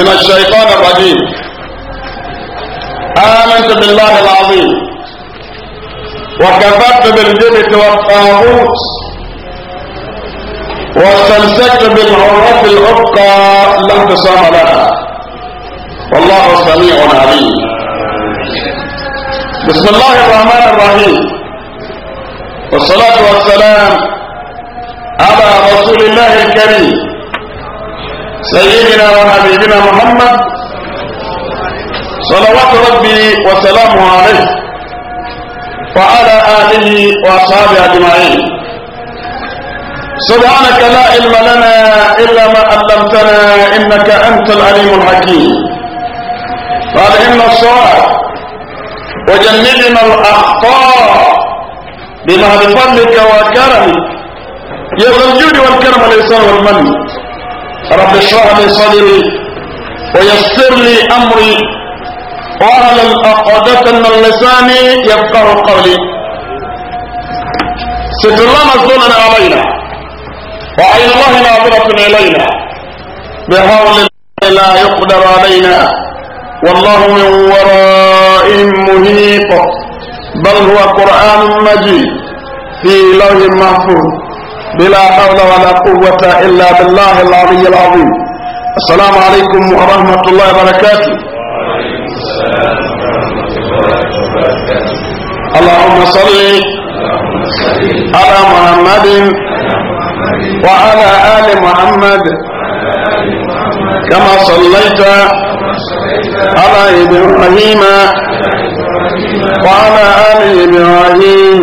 من الشيطان الرجيم آمنت بالله العظيم وكفرت بالجبت والطاغوت واستمسكت بالعروة العتقى لا انتصام لها والله سميع عليم بسم الله الرحمن الرحيم والصلاة والسلام على رسول الله الكريم سيدنا وحبيبنا محمد صلوات ربي وسلامه عليه وعلى آله وأصحابه أجمعين سبحانك لا علم لنا إلا ما علمتنا إنك أنت العليم الحكيم إن الصواب وجنبنا الأخطاء بمعرفتك وكرمك يا ذا الجود والكرم والإحسان والمن رب اشرح لي صدري ويسر لي أمري وأعلم عقدة من لساني يفقه قولي ستر الله مزدوننا علينا وعين الله ناظرة إلينا بهول لا يقدر علينا والله من ورائهم مهيط بل هو قرآن مجيد في لوح محفوظ بلا حول ولا قوة إلا بالله العلي العظيم السلام عليكم ورحمة الله وبركاته اللهم صل على محمد وعلى آل محمد كما صليت على إبراهيم وعلى آل إبراهيم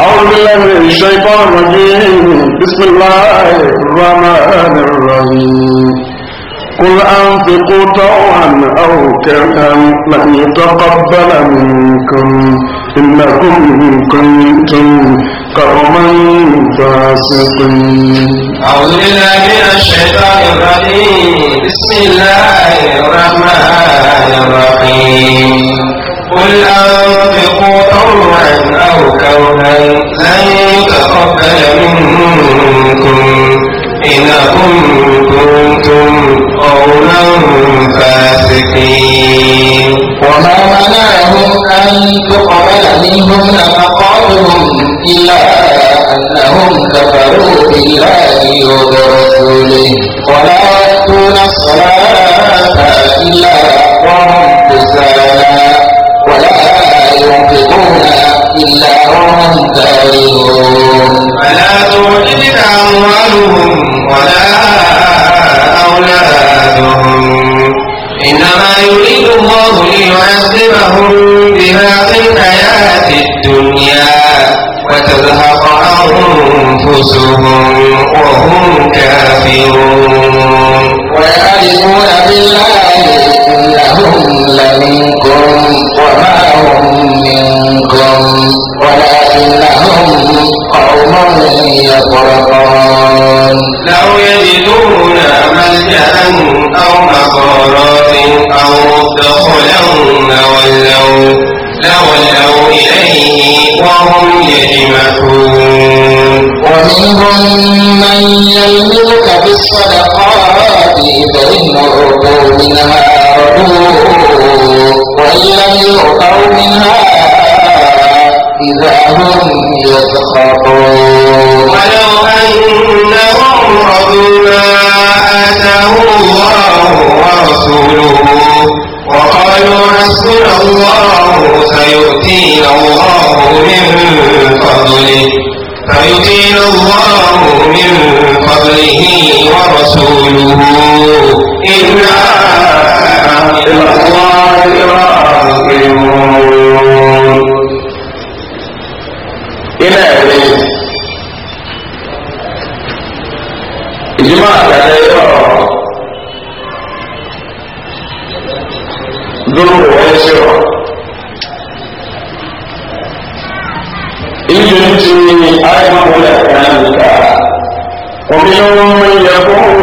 أعوذ بالله من الشيطان الرجيم بسم الله الرحمن الرحيم قل أنفقوا طوعا أو كرها لن يتقبل منكم إنكم كنتم قوما فاسقين أعوذ بالله من الشيطان الرجيم بسم الله الرحمن الرحيم قل أنفقوا طوعا لن تقبل منكم إن كنتم قولا فاسقين وما منعهم أن تقبل منهم نفقاتهم إلا أنهم كفروا بالله وبرسوله ولا إلا هم كارهون فلا تعجبك أموالهم ولا أولادهم إنما يريد الله ليعذبهم بها في الحياة الدنيا وتزهق أنفسهم وهم كافرون ويعرفون بالله إنهم لمنكم وما هم ولكنهم قوم يفرقون لو يجدون ملجأ أو مقارات أو مدخلا ولوا لولوا إليه وهم يجمحون ومنهم من يلملك بالصدقات فإن أعطوا منها رضوا وإن لم يعطوا منها هم يسخطون ولو أنهم رضوا ما آتاهم الله ورسوله وقالوا حسبنا الله سيؤتينا الله من فضله فيؤتينا الله من فضله ورسوله إنا rẹ̀ yọ̀ lórúkọ wọ́n ṣe ọ̀ ìyẹn ti àìmọ̀wọlẹ̀ kan nìka ومنهم من يقول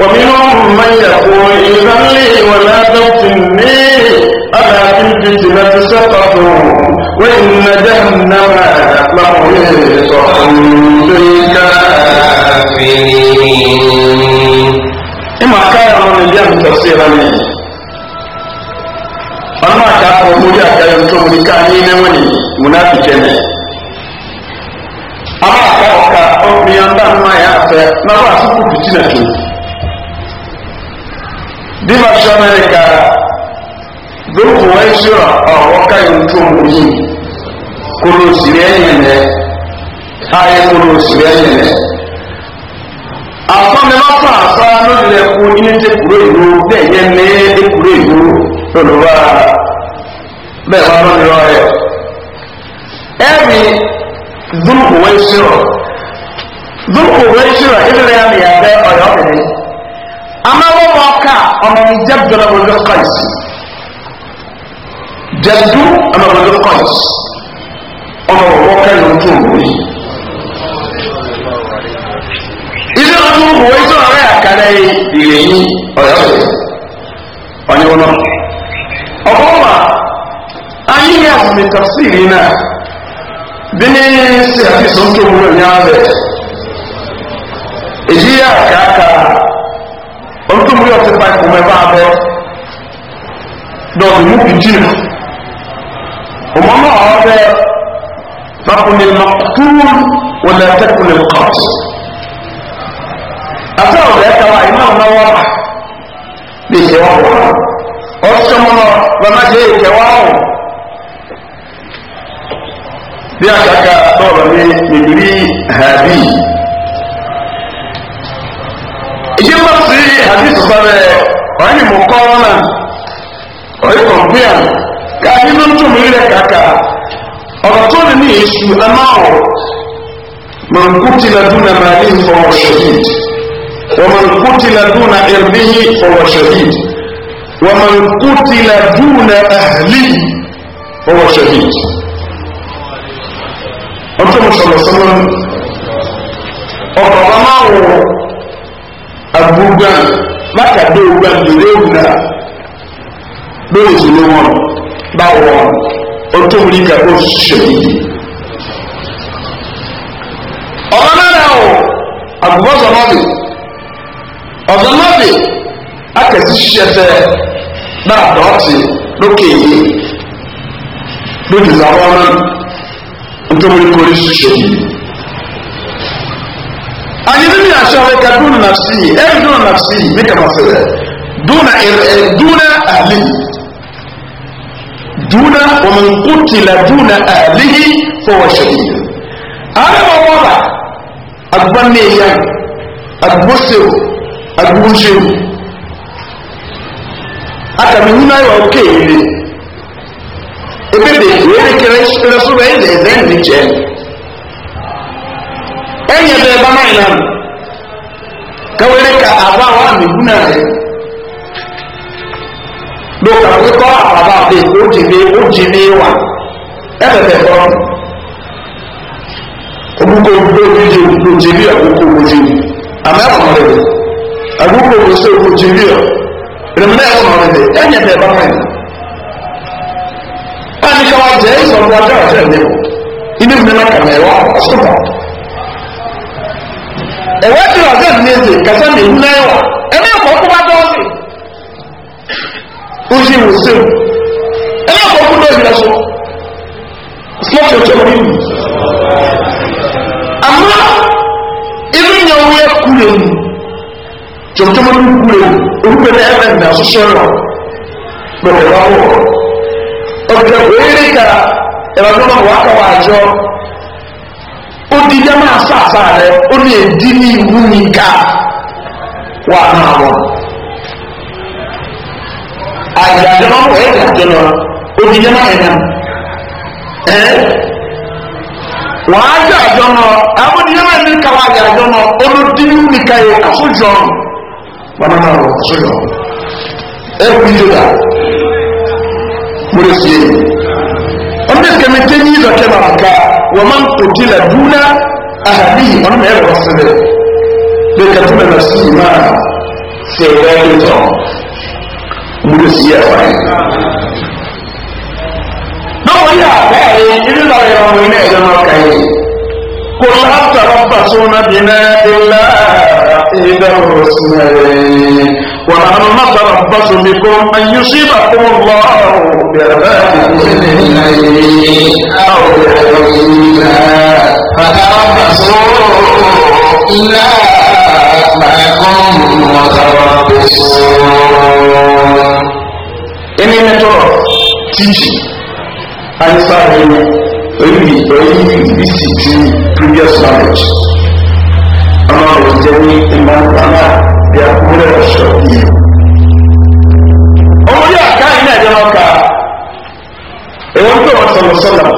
ومنهم من يقول إذا لي ولا تفتني أنا في الفتنة سقطوا وإن جهنم لمحيطة بالكافرين se ba ne wọn máa ká àwọn ọmọdé àkàyọ tó mo ká ní ni munafi àwọn àká ọkà ọkùnrin yẹn bá nínú àyà náà wà tó bí ma sọ mẹrika lóko wọn ṣọra ọwọ káyọ tó mo ní asọ́mi lọ́sọ̀ àṣà lójúlẹ̀ ẹkùn ilé tẹ kúrò ìlú bẹ́ẹ̀ yẹn ní ẹ kúrò ìlú lọ́lọ́wọ́ bẹ́ẹ̀ wọ́n lọ́ni lọ́ rẹ̀. ẹ̀mí dúnkùwé ṣírọ̀ ká ọmọ mi ọmọ ọmọ yìí. tó wù wọ́n sọ̀rọ̀ rẹ̀ àkàrà ìrè yín ọ̀yọ́ rẹ̀ ọ̀nyẹ́wọ́nà. ọ̀pọ̀ wà ayé yà mí tafsiri náà bí ní sí àfihàn tó wúlò ní abẹ èyí yà kàkà ọ̀túnmí ọ̀tí pàìpù mẹ́fà abẹ dọ̀tí mú kìjì ọmọ náà ọ̀bẹ bàkùnrin màkúrú wọlé atẹ́kùnrin kọ́ọ̀tù àti àwọn ọ̀rẹ́ kan wáyé náà náà wọ́n mà bí ìṣe wọn wọ̀ ọ̀ṣọ́ mọ́ náà lọ́nà ṣe ìkẹ́ wá ọ̀ bí àṣàkà sọ̀rọ̀ ní ìbírí hàbí. ìṣe bá sí hàbí sọ̀rọ̀ rẹ̀ ọ̀rẹ́ ni mo kọ́ wọn náà ọ̀rẹ́ kan gbé àná káàdì ló ń tún mi rẹ̀ kàkà ọ̀rọ̀ tó ní ní èṣù ẹ̀ náà mọ̀ nkútìlá dúnà máa ní ìfọwọ́sọ̀tì. ومن قتل دون إرضه فهو شهيد ومن قتل دون أهله فهو شهيد أنتم صلى الله عليه وسلم أقرمه أبو جان ما كدو جان يريونا لوي سليمان باوان أنتم لك أبو شهيد أغنى له أبو بصر ọ̀dọ́mọ́bì akẹ́sí ṣiṣẹ́ náà dọ́ọ̀tì lókè yìí lójú ìsàwọn náà nítorí kórí ṣiṣẹ́ yìí. àyè nínú àṣà ọ̀rẹ́ka dúnà nàfsí ẹ̀rí dúnà nàfsí ní kàmáfẹ́ rẹ̀ dúnà ẹ̀rẹ́ dúnà àlè dúnà òmìnkútìlà dúnà àlè fọwọ́ṣẹ́ yìí. àárẹ̀ wọn wọ́n rà agbọ́n ní ìyá agbóṣèwò. agbóhùnsẹ́wò akàmìhún náà yọ ọkọ èyí ebèbè wéèrè kẹrẹ kẹrẹ sọrọ ẹyẹ ẹdẹ ẹni jẹ ẹyẹ bẹẹ bá náà yẹn ka àbá wa mìhún náà yẹ lóka wíkọ àbá bẹ ó jìbì ó jìbì wa ẹbẹbẹ bọ ọmọkò gbòdì jẹ gbòdì bí ọkọ gbòdì agogo wo so ko jiri o remene ɛwɔ ma ɔrɛde ɛnyɛ dɛ ɛba mɛ paani ka wa jɛ ɛsɛ ɔbɔ ɔjɛ ɔjɛ ɛdɛ o ɛni mu nana kama ɛwɔ ɔso ba ɛwɔ ɛdi ɔjɛ ɛdɛ ɛdɛ kasa na ewu n'ayɛ wa ɛni ɛkɔ ɔkuba dɔɔsi ozi wo so ɛni ɛkɔ ɔkuba dɔɔsi la so sɔɔsi ɔjɛ ɔbi mu ama ɛni nyɛ tòótọ́ ní kúrò orúkọ ní ẹ̀rẹ́ ní asọ́sọ́ rẹ̀ lọ́wọ́ lọ́wọ́ ọ̀gá òyìnbí ka ìrànlọ́wọ́ wà á kọ́wọ́ àjọ ó di jẹ́mọ́ àṣàṣà rẹ̀ ó lè di ní ìwú ní ká wà náà wọ̀ àjàjọ́ náà wọ̀ ẹ̀rẹ́ àjọ náà ó di jẹ́mọ́ ẹ̀rẹ́ ẹ̀ wọ́n á jẹ́ àjọ náà àbúdí jẹ́mọ́ ẹ̀rẹ́ ká wà àjọ náà ó bàbá náà rọ̀ sọ́yọ̀ ẹ̀kú yóò múlẹ̀ sí èyí ọmọdé kẹmẹ tẹ ní ìdọ̀kẹ́ máa ka wọ́n máa ń kò di la dúnà àhàbí ọmọ mẹ́rin lọ sílẹ̀ lè ka tó mẹ́rin sí ìmá fẹ̀rẹ̀ lọ́tọ̀ múlẹ̀ sí ẹ̀fà yìí. báwo yà bẹ́ẹ̀ ni ilé lọ yẹ ọmọ iná ẹ̀jẹ̀ máa ka yìí kò sáà tọrọ bàtúnà bìnnà ìlà. إذا الحسنين ونحن نتربص بكم أن يصيبكم الله بعذاب من الليل أو بعيونا فتربصوا إلى معكم متربصون إني نترى تيجي أنسى هنا أيوه أيوه previous knowledge ọlọ́run jẹ́ ní ìmọ̀ ìpamọ́ bí akúrẹ́ ọ̀ṣọ́ yìí. ọmọ yóò ká ilé ẹ̀jẹ̀ wọn ká èèwọ̀n tó wọn sọ̀rọ̀ sọ̀rọ̀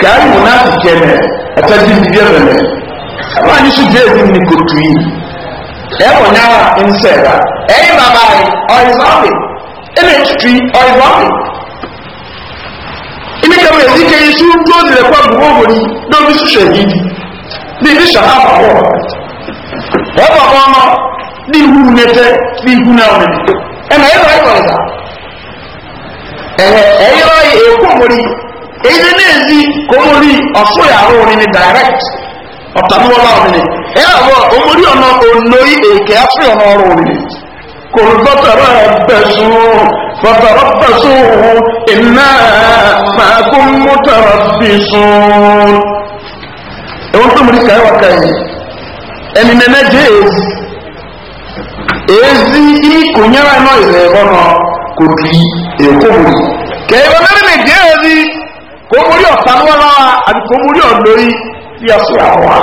kàá yìí náà ti jẹ mẹ́ àtàjì ìdílé mẹ́mẹ́ àbá ní sùdí èyí ni kò tù yìí ẹ̀ wọ̀ nyára ń sẹ̀ra ẹ̀yìn bàbá rẹ̀ ọ̀ìsọ́ọ̀mì ẹ̀mẹ̀ tutù yìí ọ̀ìsọ́ọ̀mì ìmíkẹ́wé èsì kẹ́yìn sùn tó ti rẹ̀ pọ̀ gbogbo wòlíì ní ibi sọ̀rọ̀ àpapọ̀ wọ́n bọ̀ bọ́ ọmọ ní ihu nẹ́tẹ́ ní ihu náà wọn ni ẹnà ẹ̀rọ ẹ̀kọ́ ẹ̀dá ẹ̀hẹ̀ ẹ̀yọ́ èkó mori èyí ní èzí kò mori ọ̀fọ́ ìyàwó ni ni direct ọ̀tàmúwọ́ náà ni ẹ̀yà wọ omori ọ̀nà ònòyí èkè afẹ́ ọ̀nà ọ̀rọ̀ ni kò bọ́tọ̀rọ̀ bẹ̀sùn bọ́tọ̀rọ̀ bẹ̀sùn ìnáà màkúmútọ̀rọ̀ bẹ̀sùn ẹwọ́n tó múrí kàíwà kàí ẹni nẹ́nẹ́ jẹ́ èézí èézí kò nyẹ́rà iná ìrẹ̀ ọ̀nà kò tù í èkó múrí kẹ̀yẹ́wọ́n nẹ́nẹ́ nẹ́ jẹ́ èézí kò múrí ọ̀tá lọ́wọ́lá àti kò múrí ọ̀dọ́ yìí sí aṣọ àwọn wa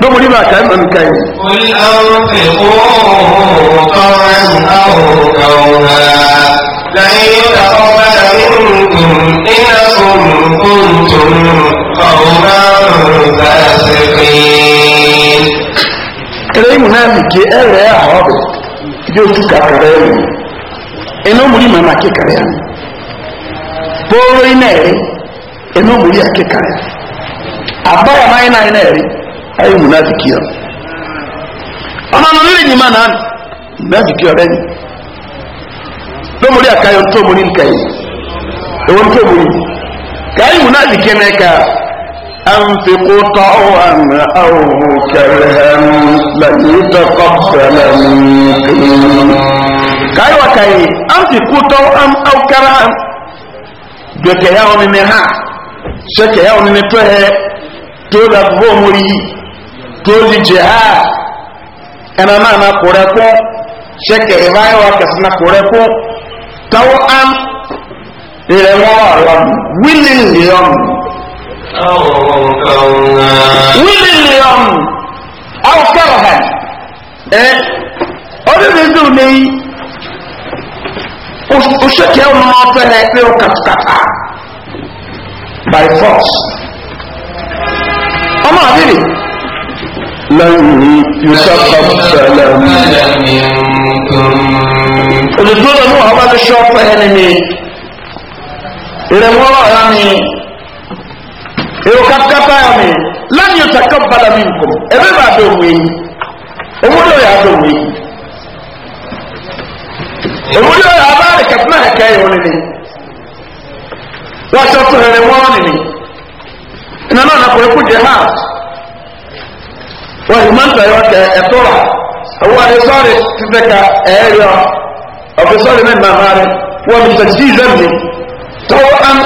lóko nígbà kàí mọ̀ nìkan yìí. olùkọ́ ti kó ọ̀rọ̀ kọ́rin àwọn ọ̀gá ọ̀gá. لئن تقبل منكم إنكم كنتم قوما فاسقين eléyìí munafiki ẹrẹ àwọn ọbẹ bí o túkà kẹrẹ ẹ lò ẹnú òmùrí màmá kékeré ẹ bóró iná ẹ ẹnú òmùrí akékeré àbáyà máa iná iná ẹ ayé munafiki ọ ọmọ nínú ìyìnbá náà munafiki ọ bẹ ní tó mo rí àkáyọ tó mo ní nǹkan yìí èwo tó mo yìí káyìí wù náà dìkẹ́ náà ká أنفقوا طوعا أو كرها لن يتقبل منكم كاي وكاي أنفقوا طوعا أو كرها دوكا يوم منها شكا يوم من توه تولا بومري تولي جهاد أنا ما أنا كوركو شكا إبايا وكسنا كوركو kawo am rere wọn ọ̀rọ̀ willingly ọ̀n willingly ọ̀n ọ̀kẹ́rọ̀ hàn ẹ́ ọdún ìdí òní òṣèké ọmọ ọ̀fẹ́ rẹ̀ pé ó kàtàkàtà by force ọmọ àbírí lẹ́yìn yusuf ọ̀fẹ́ lẹ́yìn olùdúró ní wàá bá ti sọ ọpẹ ẹni mi ìrẹ̀wọ́n ọ̀rá mi èrò kápákápá ẹ̀ mi lẹ́yìn ìtàkà bala mi nkùn ẹ̀mí bá dé òun yìí òun yóò yà á dé òun yìí òun yóò yà á bá rẹ̀ kẹ̀kẹ́ náà kẹ́ ẹ̀yọ́ nínú wọ́n sọ fún ìrẹ̀wọ́n nínú ìnáná náà kò ẹkú jẹ náà wọ́n yìí máa ń tẹ̀yọ́ kẹ ẹ̀tọ́ rà owó adé ti fẹ́ ka ẹ̀ẹ́rì ọ́ ọ̀fẹ́sọ́rì mẹ́ màmá rẹ̀ wọ́n mi tẹ̀sí ìzẹ́mi tọ́wọ́ án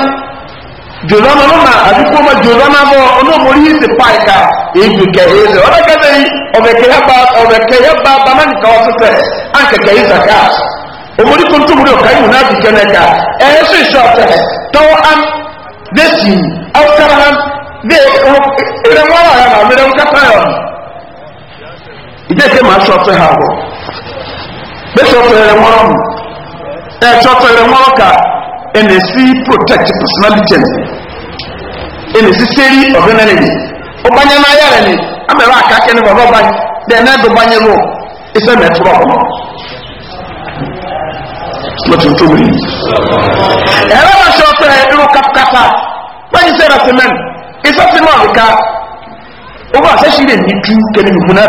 jòlọ́nà lọ́nà àbí kó ma jòlọ́nà bọ́ ọlọ́mọrí yìí ti pa ìka èyí kẹ̀ èyí sẹ̀ ọ̀dọ́ kẹ́sẹ̀ yìí ọ̀bẹ̀kẹ̀ yẹ ba bàmá nìkan ọ̀sẹ̀ sẹ̀ án kẹ̀kẹ́ yìí sàkà ọmọdé kò tó múlò káyọ̀ náà ti kẹ́ nẹ́ka ẹ̀yẹ sì sọ ọ̀tẹ̀ tọ́wọ́ án dẹ́sì ọ̀kẹ́rẹ́ hàn ní ìrẹ̀wọ́n àyàn àmì bẹ́sọ̀tẹ̀rẹ̀ wọn ẹ̀sọ̀tẹ̀rẹ̀ wọn ka ẹnna esi protect personal chance ẹnna esi seri ọ̀gbẹ́nà nìyí ọbanya náà yára ni amẹ̀rọ àkàkẹ́ ni bàbá báyìí dẹ̀ náà dùn báyìí lọ ẹsẹ̀ mẹ́ tó bàbá wọn. lọ́tún tó wuli. ẹ̀rọ náà sọ̀tẹ̀rẹ̀ irú katakata báyìí sẹ́yìn àti mẹ́rin ìsọ̀tẹ̀rẹ̀ wọn kà ó bá àṣẹ́sí lè ní tú kẹ́ni nìkú náà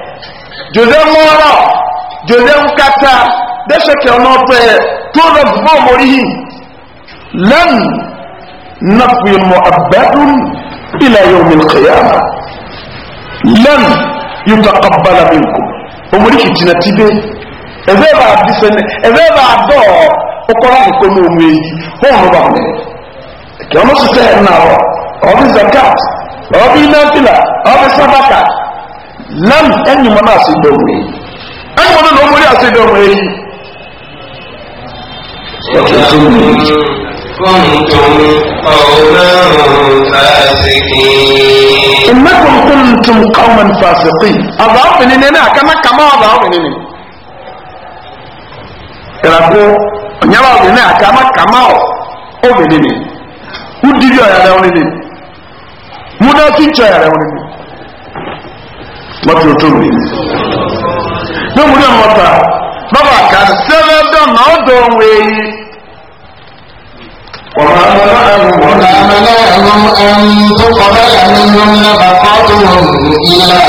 jose mɔrɔ jose nkata dɛsɛ kɛ ɔnɔfɛ tó lɛ bɔ mɔri yi lɛn nafi mɔ abadun ila yɔ min kiyama lɛn yuta kabala min ko omori kitina ti be ɛfɛ b'a disɛnɛ ɛfɛ b'a dɔ ɔkɔrɔ koko n'o mu yi hɔn b'a mɛ kɛ ɔno sisɛ yɛ na wɔ ɔbi zakat ɔbi nafila ɔbi sabaka lam ẹni mọ náà sí dọ̀wọ̀ èyí ẹni mọ náà mọ̀rí àti dọ̀wọ̀ èyí. Innakum kuntum qauman fasiqin. Azaafu ni nene akana kama azaafu ni nene. Kirako nyaba ni nene akana kama o be nene. Udiri ọ̀yàrá wọn nene. Mudafi jọ ọ̀yàrá wọn nene mọ́tòtòmì lóòmùdé mọ́ta bàbá kàṣẹ́lẹ̀ dọ̀nà ọ̀dọ̀ òun èyí وما منعهم أن تقبل منهم نفقاتهم إلا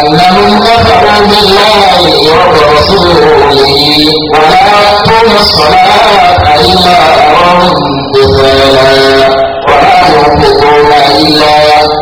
أنهم كفروا بالله وبرسوله ولا يقوم الصلاة إلا وهم كسالى ولا ينفقون إلا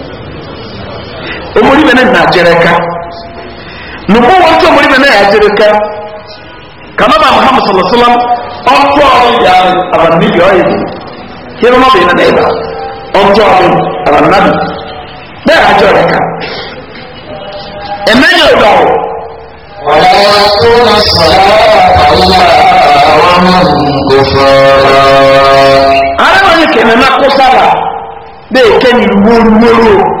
omori bene na jereka nuko wonto omori bene ya jereka kama ba muhammad sallallahu alaihi wasallam onto ya abanni yoyi kiro no bene na eba onto abannabi na ya jereka emenyo do wala yaquna salata allah wa man kufara ara wani kenan na kusala de kenyi ruwo ruwo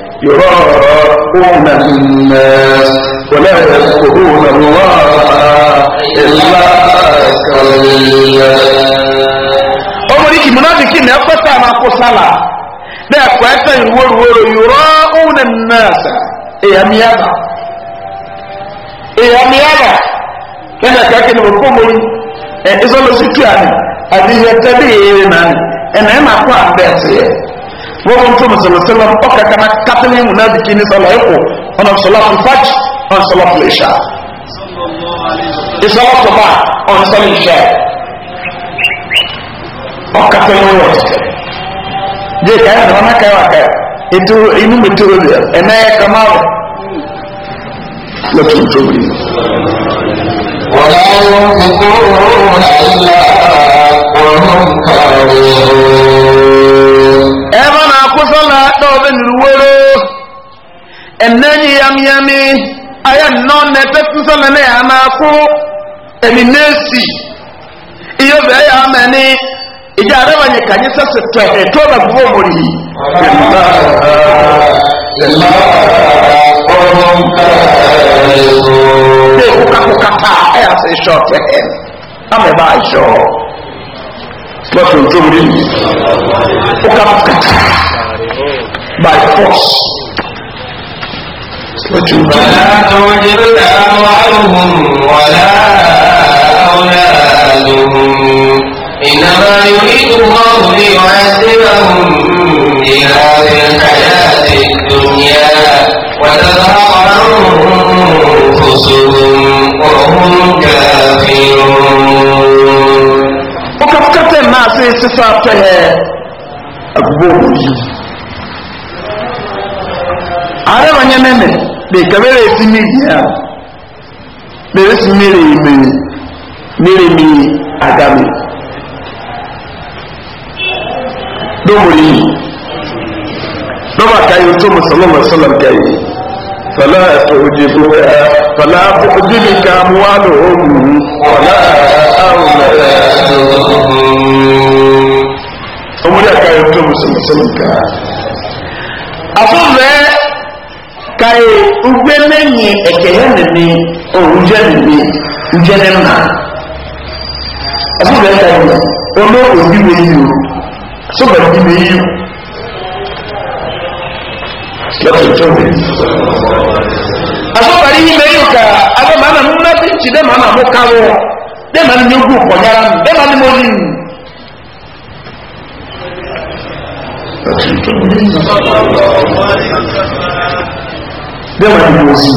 يراءون الناس ولا يذكرون الله إلا قليلا أمريكي منافقين أفتح ما قصلا ده كويتا يرور يراءون الناس إيه أميابا إيه أميابا كنا كاكين وكومري إيه إذا لو سيتياني أبي يتبعي إيه ماني إنه ما قوى أبيتي wọ́n mú tóbi sọ̀rọ̀ sọ̀rọ̀ ọkà kan kátìlì múnádìkì ní sọ̀rọ̀ ẹ̀kọ́ ọ̀nà sọ̀rọ̀ fàj ọ̀nà sọ̀rọ̀ fìlẹ̀ṣà ìsọ̀rọ̀ tọ̀bà ọ̀nà sọ̀rọ̀ ìṣẹ́ ọkà tẹ̀lé wọ̀ jẹ́ ìka ẹ̀ nàá nàkà ẹ̀wà kẹ́ ètò inú mi tó rẹ̀ ẹ̀nà ẹ̀ kà máa rẹ̀ lọ́tún tóbi. wọ́n yóò fi kúrò náà ilà ọ̀hún kàwé. riri woro enenyi yamiyami aya nnọ na-ete nsọ na ne ya na-akwụ eminesi ihe bụ ya amani ije arabanye ka anyị sasị tọhe tọba gbogbo omori kukakukata ẹ yà sẹ iṣọ tẹhẹ ama ẹba iṣọ lọsọ ntọmọdé mi kukakukata. by force. فلا تعجبك أموالهم ولا أولادهم إنما يريد الله ليعذبهم بها في الحياة الدنيا وتذهب أنفسهم وهم كافرون وكفكت ما صفاته أبوه ààrẹ wọn yẹn mẹ́mẹ́ lè kẹ́mẹ́rẹ́ sí méjì à mẹ́rẹ́ sí mẹ́rẹ́ mẹ́rẹ́ mẹ́rẹ́ mi àgàmì lómòrì yìí lọ́wọ́ àkáyé tó mọ̀ sọ́lọ́mọ̀ sọ́lọ́mọ̀ káyé fọlá ẹ̀tọ́ òjì bó ẹ̀ fọlá òjì mi ká mú wá lò ó mú fọlá àwọn ẹ̀tọ́ òmùdí àkáyé tó mọ̀ sọ́lọ́mọ̀ sọ́lọ́mọ̀ káyé. kai ugbe menyi ekehe nene o nene uje ne mma ọsùn bẹẹ tẹ ọ lọ òbí mi yìí o sọgbà òbí mi yìí o lọtọ tó mi. asọ́kàrí yìí bẹ́ẹ̀ kà abẹ́ ti mi tó bẹ́ẹ̀ wà ní oṣù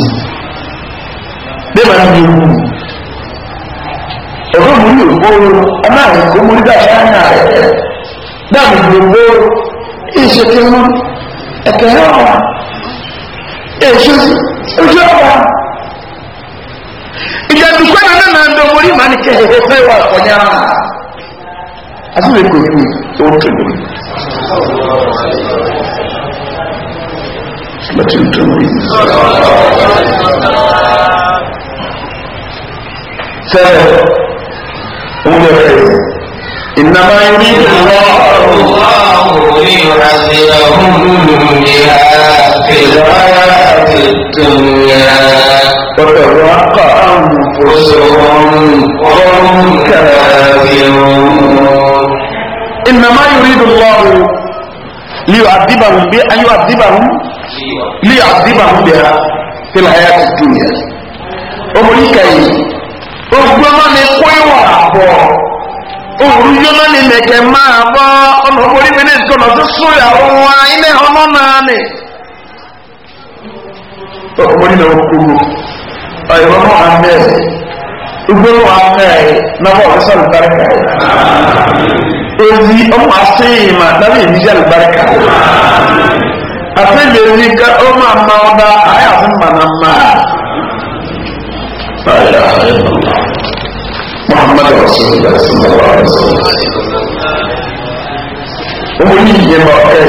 bẹ́ẹ̀ wà ní ewu ẹ̀rọ mi ní òkúrò ọmọ àwọn ìgbómọlú bá ṣe ń yàrá ẹ̀ dáàbò gbogbo ìṣètò wọn ẹ̀kẹ́ ọ̀wà èṣù ojú ọ̀wà ìjàdùkọ́ náà náà ń dọ̀wọ́rí màá ní kẹ́hẹ́hẹ́ fẹ́ wà ọ̀nyára àti ìwé kò ní òkèlè láti ń tọ́mọ̀ yìí. sẹ́wọ̀ òun lè rẹ̀ ìnáwó ní ìlọ وتوقع أنفسهم وهم كافرون إنما يريد الله ليعذبهم بأن يعذبهم li adiba mu biha fil hayati dunya omori kai ogbo ma ni kwewa abo òru yọmọ ni mẹkẹ máa bọ ọmọ orí mi ní nǹkan ọdún sóyàwó wa ilé ọmọ náà ni. ọmọ nínú okòwò ọyọ ọmọ amẹ ugbo ọmọ amẹ náà wọn sọ àlùbáríkà yìí. èyí ọmọ asẹ́yìn mà dábìlì ní sẹ́ àlùbáríkà yìí. asebiri ka o ma mma ọba ayé àti mma na mma muhammad rasulillah sallallahu alaihi wa sallam ọmọ yìí yẹ bọ ẹ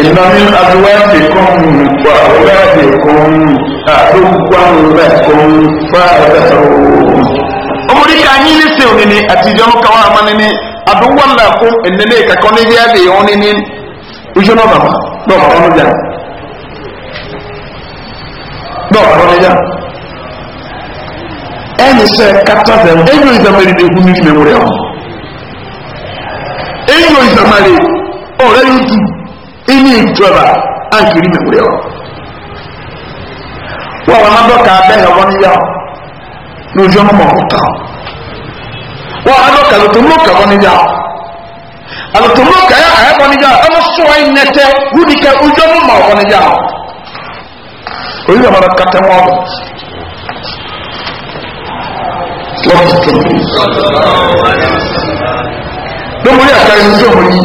ìnáwó adúláàbìkún wà adúláàbìkún àdókòwàlùbẹ̀kún fáadàtò ọmọ yìí ká yín ní iṣẹ́ náà bàbá náà bàbá ló jà náà bàbá ló jà ẹni sẹ kata fẹ ẹni o ìzàmẹlẹ ní ikú ní ìfẹ wúrẹ ọ ẹni o ìzàmẹlẹ ọrẹ yóò tu ẹni ìjọba àǹkìrí ní wúrẹ ọ wọn wọn abọ ká bẹẹ wọn ní yá lójú ọmọ ọmọ ọkọ wọn abọ ká lójú ọmọ ọkọ wọn ní yá alùpùpù kẹyà àyẹ̀kọ́ níjà ẹnu sọ̀rọ̀ yìí nẹ́tẹ́ wúdi kẹ ojú ọmọ mà ọ̀kọ́ níjà oyún ọmọdé kàtẹ wọn bọ lọ́mọdé àtàrí ní sọ̀rọ̀ yìí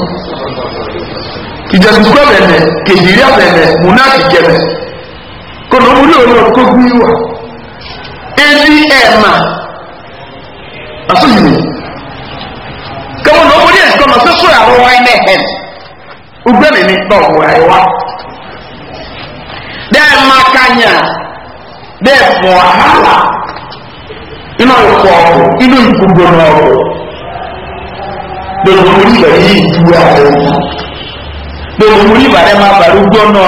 ìjẹ̀dùkú abẹ̀lẹ̀ kejìrí abẹ̀lẹ̀ múnáàtì jẹ̀lẹ̀ kò lọ́mọdé òun ọ̀kọ́ gbúyìí wà ẹni ẹ̀ẹ̀mà àsọ̀yìnbó kama na ọmọdé yẹn sọ ma sọ sọ àwọn wáyé náà hẹn ugbẹ mi ni bá ọmọ ayé wa dẹ́ẹ̀ má kányà dẹ́ẹ̀ fún wàhálà inú ọkọ ọkọ inú ìgbogbo náà ọkọ gbogbo orí ìbàdí yìí ju àwọn ọmọ gbogbo orí ìbàdí má bàrú gbọ́nà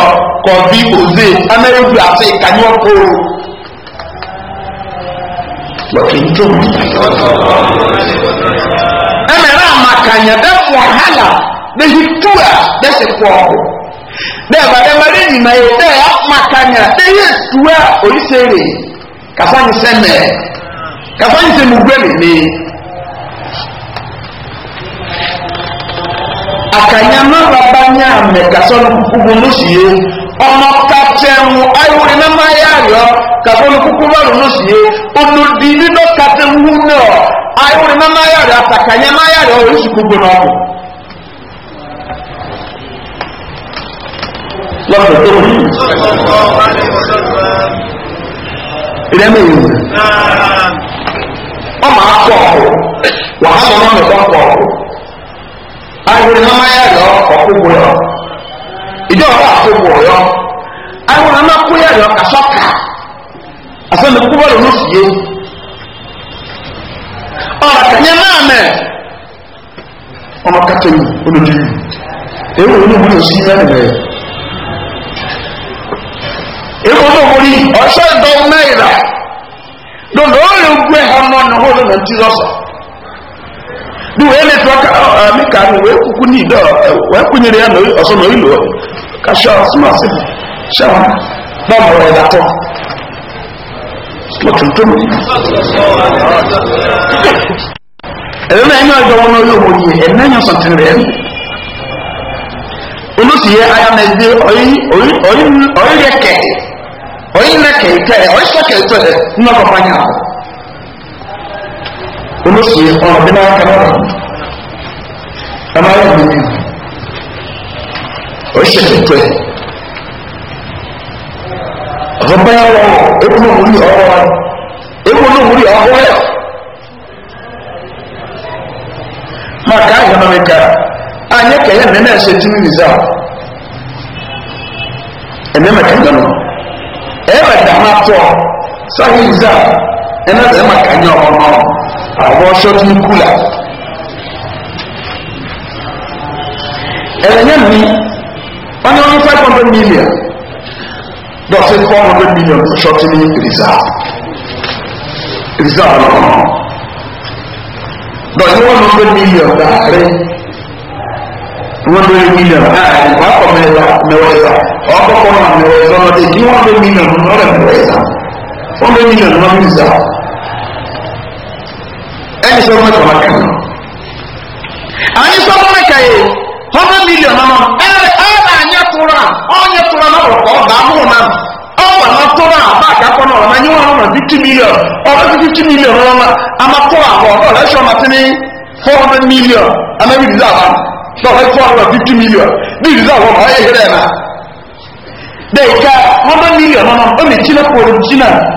kọ̀ọ̀bí òzè amẹ́rẹ́gbẹ̀ àti ìkànnì ọkọ̀ lọ́kì ń tó mú anyada wahala na hitua na hyɛ kɔɔ na ɛbadama ne nyina yɛ dɛ amakanya na yɛ sua olisere kafa ne sɛ mɛ kafa ne sɛ mugbe mene akanya no rabanya mɛ kasɔ no kubu no sie ọmọ kàtẹ́wù ayúwòrì náà máa yá àyọ́ kàbọ́lù kúkú lọ́rùn ló sì yé olùdí nínú kàtẹ́wù náà ayúwòrì náà máa yá àyọ́ àtàkànyẹ máa yá àyọ́ oríṣi gbogbo náà kù. lọ́sọ̀ tó wù. ìrẹ́mi ìwé ọmọ akọ ọkọ wàhálà ọmọ mi kọ ọkọ ọkọ náà máa yá àyọ́ ọkọ gbogbo náà ìjọ ọ̀rọ̀ àkókò ọ̀yọ́ àwọn ọ̀nà kó yẹ ẹ̀yọ kàṣọ́kà àṣẹlẹ̀ kúkú bọ́ọ̀lù ló sì yé ọ̀rọ̀ kẹ̀yẹ náà mẹ́ ọmọ kẹtẹ́yìn olùdí èyí òun ló múlò sí mẹ́rin rẹ̀ èyí òun ló múlì ọ̀ṣẹ́ ìdọ́wọ́ mẹ́rin rẹ̀ lọ́dọ̀ ó lè gbé ẹ̀họ́n náà ní bí wèé lè tó ká àmì kàánù wèé kúkú ní ìdọ́ wèé kú nyere ya ọ̀sán lórí lò kàṣọ súnmọ́ sí ṣẹ́wọ̀n náà mọ̀ ẹ̀ dàtọ̀ lọ́tùntún. ẹ̀rọ náà ẹ̀yìn ọjọ́ wọn lórí òun yìí ẹ̀rọ náà ẹ̀yìn ọ̀sán ti rẹ̀ ẹ̀ yẹ ayamẹ̀dẹ́ ọ̀yìn rẹ̀kẹ̀ ọ̀yìn rẹ̀kẹ̀ ìtẹ̀ ọ̀yìn sọ̀kẹ̀ ìtẹ̀ ẹ̀ ńlọ́kọ̀ olóṣè ọ̀rọ̀ bí náà kẹwàá ọmọ ayé mi ò ṣe tuntun ẹ̀ ọ̀fọ̀pẹ́ ọ̀rọ̀ ewu náà wúlò ọ̀rọ̀ wa ewu náà wúlò ọ̀rọ̀ ẹ̀ máa ká àyàn náà mi ká àyè kẹyẹ nínú ẹ̀ ṣe tí mi nìyà ẹ̀mí mẹ̀kẹ́ ẹnna sẹ ma ka nyɛ ɔmo no abɔ shɔtin kula ɛnna nyɛ mi ɔne ɔno five hundred million na ɔsɛ four hundred million shɔtin reserve reserve no ɔmo na ɔne one hundred million daare one hundred million aa nkwa kɔ mɛwa mɛwɛza ɔkɔkɔ na mɛwɛza ɔno de di one hundred million ɔno de mɛwɛza one hundred million ɔno de mɛwɛza ɛhyɛ wɔn ɛtɔ wɔn kɛmɛ ani sɔ wɔn mɛka yi hundred million nɔ ɛyɛ ɛyɛ na anyɛ toro a ɔnyɛ toro a n'ɔwɔ kɔ ɔba amu na ɔwɔ na toro a baagi akɔ na ɔna anyi wɔn na fifty million ɔbɛ fi fifty million wɔn na ama toro a wɔ ɔlɛ ɛhyɛ wɔn atene four hundred million anabi di da ban na ɔlɛ four hundred fifty million bi di da wɔn na ɔyɛ yɛrɛ na de ka hundred million nɔ ɔmɛ kyinɛ kɔɔrɔ kyinɛ.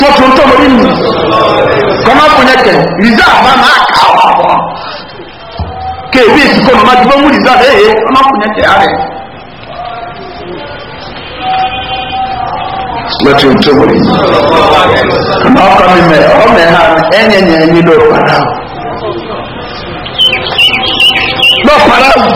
tọ́tù tó mọ̀rí nù kọ́má na rìsáàbà máa kà á wà wọ́n kéèbí ìsìnkọ́ mọ̀má ju bọ́ mú rìsáàbà ẹ̀yẹ kọ́má kúnyẹ́kẹ̀ ààrẹ. lọ́tù mi mẹ́ ọmọ ẹ̀ ha ẹ̀yẹ ni ẹ̀yẹ lọ padà lọ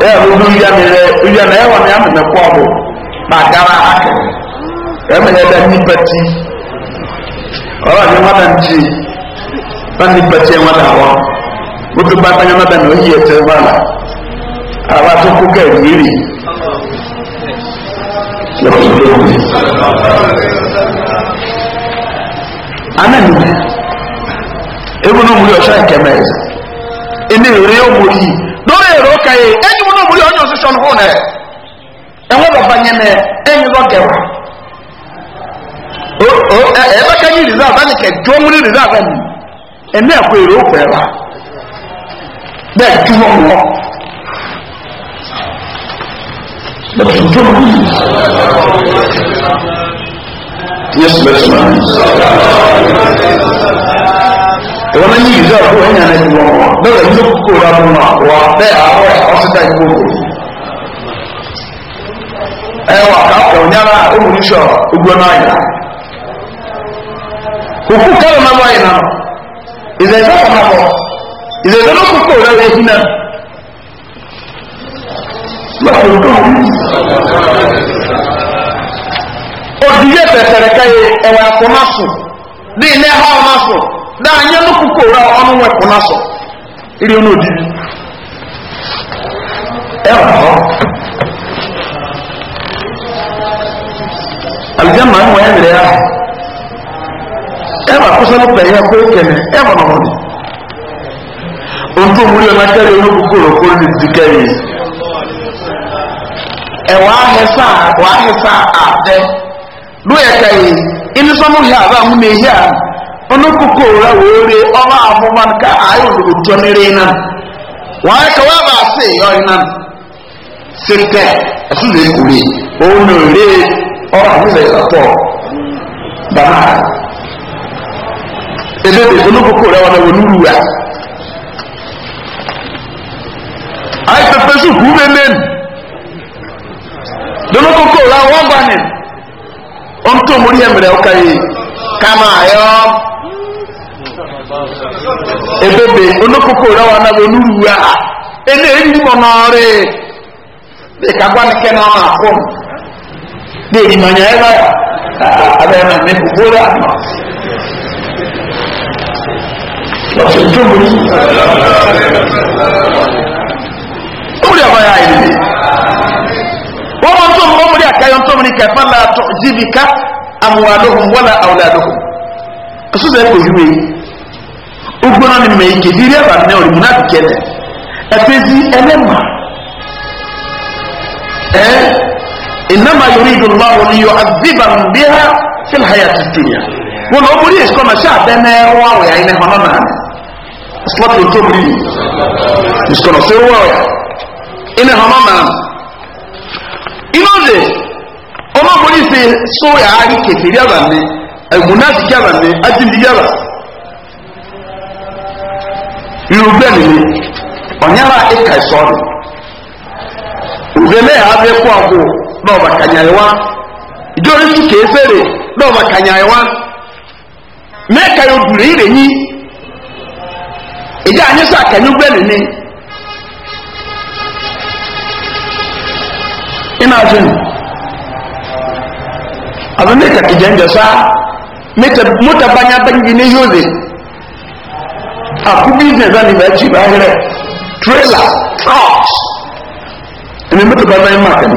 ɛyɛ mo du wia mi lɛ wia mi ɛwɔ mi amɛmɛ kɔ mo ma gara akɛ ɛmɛ yɛ dɛ nipa ti ɔlɔ ni wata nti na nipa ti yɛ wata wa wotu ba ta nyama dani oyi ɛtɛ ba la Ana to ko kɛ wiri anani ewu n'omuli ɔsɛ kɛmɛ ɛni ere omuli. ero ka ye enyi wọn omuli onye ọsịsọ nhụ na enwe babanye na enyi lọ gẹwa ebe ka nyi rizal bani ka jụọ nwere rizal eme ero yes, let's wọn ní ìdílé ọkọ wọn yàn ẹni wọn bẹẹ ní kókó ra mu náà wà bẹẹ àárọ ọsídà ìgbò ẹ wà káàkiri ọ̀nyára ọmọnìṣọ ogbó náà yìí òkú kẹrin náà wáyé náà ìdẹ̀jọ́ kan náà bọ̀ ìdẹ̀jọ́ náà kókó rẹ̀ wẹ̀ yìí náà lọ́kùnrin tó wù mí. òdìyẹ tẹ̀tẹ̀rẹ̀ káyé ẹ̀wà àkọ́nà sùn ní ilé ha ọ̀nà sọ dáa nyẹ ló kúkú rẹ ọ̀nà wọn ẹ̀kọ́ náà sọ eré ọ̀nà òdìbí ẹ wà họ. alijama ń wọ ẹ̀rẹ̀ ya ẹ wà kọ́sọ́nù pẹ̀lú ẹ̀kọ́ ìkẹ̀lẹ̀ ẹ wà nọ̀rọ̀ ni. ohun múlẹ̀ máa kẹ́lẹ̀ ọ̀nà kúkú rẹ kó lè ti kẹ́lẹ̀ ẹ̀ wàá hẹ́sà wàá hẹ́sà àdẹ lóyè kẹ́lẹ̀ inú sọmú hẹ àbá àwọn ọmọ èyí à ọnà kókó rẹ wò ó rè ọmọ àfọmọ ká ayé òdòdó tó nírè náà wọn ayé kẹwàá bá a sè é ọyìn náà sèpẹ ẹsùn lè kúrè òun nà rè ọrọ àwọn ilẹ̀ ìsàtọ̀ bàbá ebèbè ọnà kókó rẹ wọn wọn lùlù wa ayé pẹpẹ sùn kú bẹ́ẹ̀ mẹ́rin ọnà rẹ wọn gbà nìyẹn on to muri emre o kai kama ayo ebebe onokoko ra wa na onuru wa ele ni mo na re de kagwa ni ke ma ko de ni manya e ba ah, abe na me ko ra Ọ̀sẹ̀ tó mú ní. ayon to muni kai fala tu'jibika amwaluhum wala auladuhum kasu da ko yume ugbona ni me ke dire ba ne ori munafiki ne afezi elema eh انما يريد الله ليعذبهم بها في الحياه الدنيا ولو بريش كما شعب انا واو يعني هنا انا اصلت التوبري مش كنا سوا يعني انا هنا انا ọlọ́mọdé ṣe sọ yàrá kẹfìrí àbàmì ẹ̀múnáṣìkì àbàmì ajínigbé àbà irú bẹ́ẹ̀ nìyí ọ̀nyára ẹ̀ka ẹ̀sọ́ rẹ̀ òbẹ̀lẹ̀ yàrá bẹ́ẹ̀ kó àgbo náà ọba kànyàrẹ̀wá ìjọ oríṣi kẹsẹ̀rẹ̀ náà ọba kànyàrẹ̀wá mẹ́ẹ̀ka yóò dùrẹ̀ yìí lẹ́yìn ìjà àyẹ̀sọ̀ àkànyẹ́ bẹ́ẹ̀ nìyí. ina jin abu ne ka kijan jasa muta banya bangi ne yoze a ku business ani ba ci ba hire trailer trucks ne muta ba banya ma kan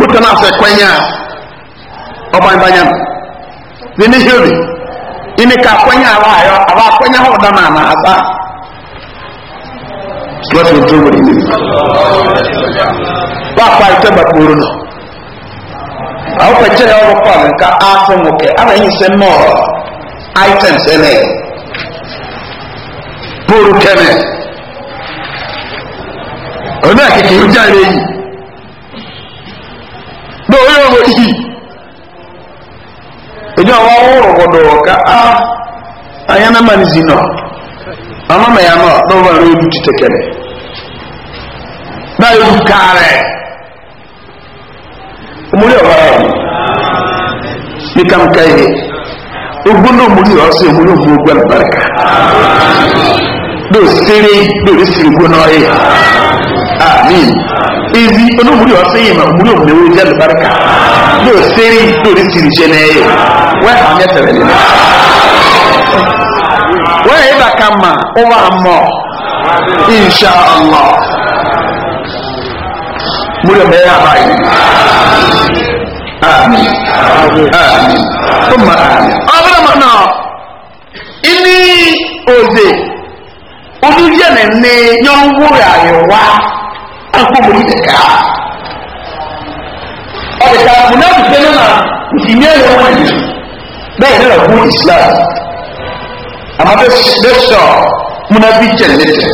muta na sai kwanya oban banya ne ne yoze ini ka kwanya ba ayo aba kwanya ho da na na aba Tuwa tuwa tuwa tuwa tuwa tuwa tuwa tuwa awo pɛkyɛ yɛ ɔwɔ kɔ ɔmo nka ato mo kɛ ama enyi sɛ mɔɔ items ɛnɛ a keke yɛ yi na oyɛ ɔmo yi ebi a wɔwɔwɔrɔ wɔdɔ ka a anya e na e zi nɔ ya nɔ omori ọba yẹ nikamka yẹ ogun náà omori ọba sọ omori ọba ogun alibarika do sere do esiri ogun náà yẹ amin ezi ọdún omori ọba sọ yẹ ma omori ọba ewu jẹ alibarika do sere do esiri jẹ náà yẹ wẹ hàn yẹ tẹlẹ nínú wẹ yẹ bàkà ma ọba mọ insha allah omori ọba yẹ Ọ آمين ثم آمين أولا معنى إني أوزي أوزي أنا ينور أيوا أقوم بيدك na munafike náà ìdíyẹ yẹn wọ́n yìí bẹ́ẹ̀ ní ọ̀gbọ́n islam àmọ́ bẹ́ẹ̀ sọ munafike lẹ́tẹ̀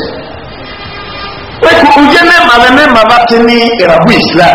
pé kò ojú islam.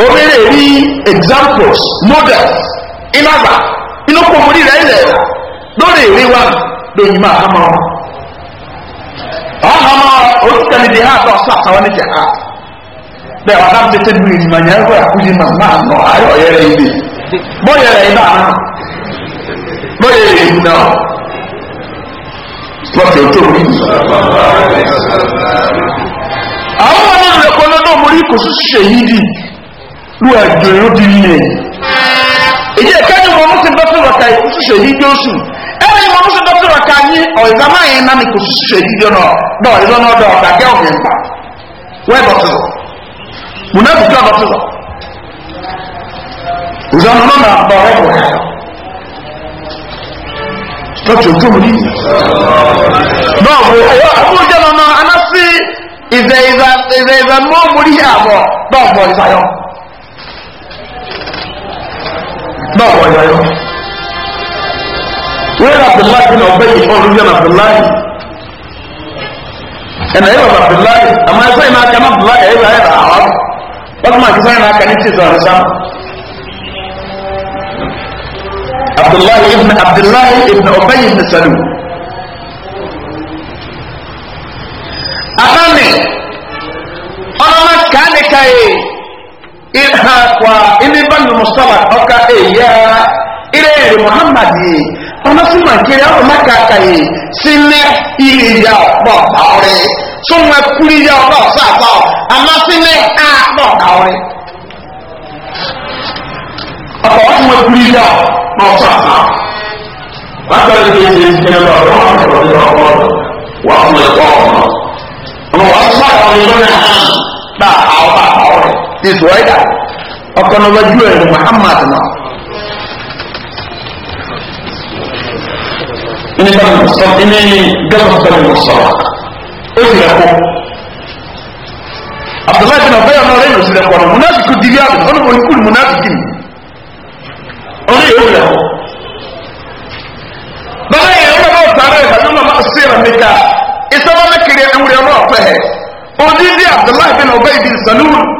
obere eri examples models inaba inokò omori rẹ ilẹ lórí ìwé wa lórí ma hama ọ ọhama olùkọ́ni di ha bá ọsọ àtàwọn ní jẹha bẹẹ ọ̀nà tètè bu ìdìmọ̀ nyẹ ẹgbẹ́ àkújì mà má nọ ayé ọ̀yẹ́rẹ́ ibi bóyẹ̀rẹ̀ iná bóyẹ̀rẹ̀ iná lọ́kẹ̀ tó wí. àwọn ọmọ náà lè kọ́ lọ́dọ̀ mórí kò sí ṣèyí dì ló ẹ̀jọ̀ yóò di ilé ìdí ẹ̀ka ni mo mú sí dọ́tí rọ̀ka ìṣiṣẹ́ yìí bí oṣù ẹ̀rọ ni mo mú sí dọ́tí rọ̀ka yìí ọ̀ìzá máa yẹn náà ni kò ṣiṣẹ́ yìí bí ọ̀nà dọ̀ ìlú ọ̀nà ọ̀dọ̀ ọ̀gá gẹ́ ọ̀gbìn pa wẹ́ẹ̀ dọ̀tí rọ̀ mùnàbùkú ọ̀dọ̀tí rọ̀ ìzọ̀nà náà nà bọ̀ ọ̀rẹ́ bọ̀ ẹ̀ lọ́tí ojú mu ní. náà wo owó àbújá lọ́nà anásí ìzẹ̀ ìzẹ̀ ìzẹ̀ mọ́ mórí àbọ̀ náà bọ̀ ìzayọ̀. náà wọ̀ yọ̀yọ̀ wíwọ́n abdullahi bin ọ̀bẹ yìí fọ́n lórí ọ̀nà abdullahi ẹ̀nà yìí wọ̀ abdullahi àmọ́ ẹ̀sọ́ yìí máa kẹ́ abdullahi ẹ̀yẹ́ wọ̀ ẹ̀rọ àwọn wọ́n máa kí sọ́yìn náà kẹ́ ní tí sọ̀rọ̀ sá abdullahi ibn abdullahi ibn ọ̀bẹ yìí ibn salu abami ọlọ́mọ kàánìkà yìí. ha kwa ndị banu mustapha ọka eya ire ere muhammad yi ọmọ sí màkìrì ọmọ mẹkàkà yìí sí ní ilé ya ọpọ ọrẹ ya ọpọ ọsàpọ àmọ sí ní àpọ ọrẹ ya ọpọ ọsàpọ. bákan ní ọrụ n ṣe ń ti suwaida ọkọ náà wájú ẹ̀ ní muhammad náà ní bá mi sọ ní gẹ́gẹ́ bá mi sọ ó sì rẹ̀ kú abdullahi bin abdullahi náà rẹ̀ yóò sì rẹ̀ kú ọ̀nà munafiki dìbí àbùkù ọ̀nà wọn kúrò munafiki ọ̀nà yóò rẹ̀ kú báyìí ẹ̀rọ náà bá ọ̀tá rẹ̀ ìbàdàn náà máa sí ẹ̀rọ níta ìsọ́wọ́n mẹ́kiri ẹ̀wúrẹ́ ọ̀nà ọ̀pẹ́ ẹ̀ òní ní abdullahi bin abdullahi bin salul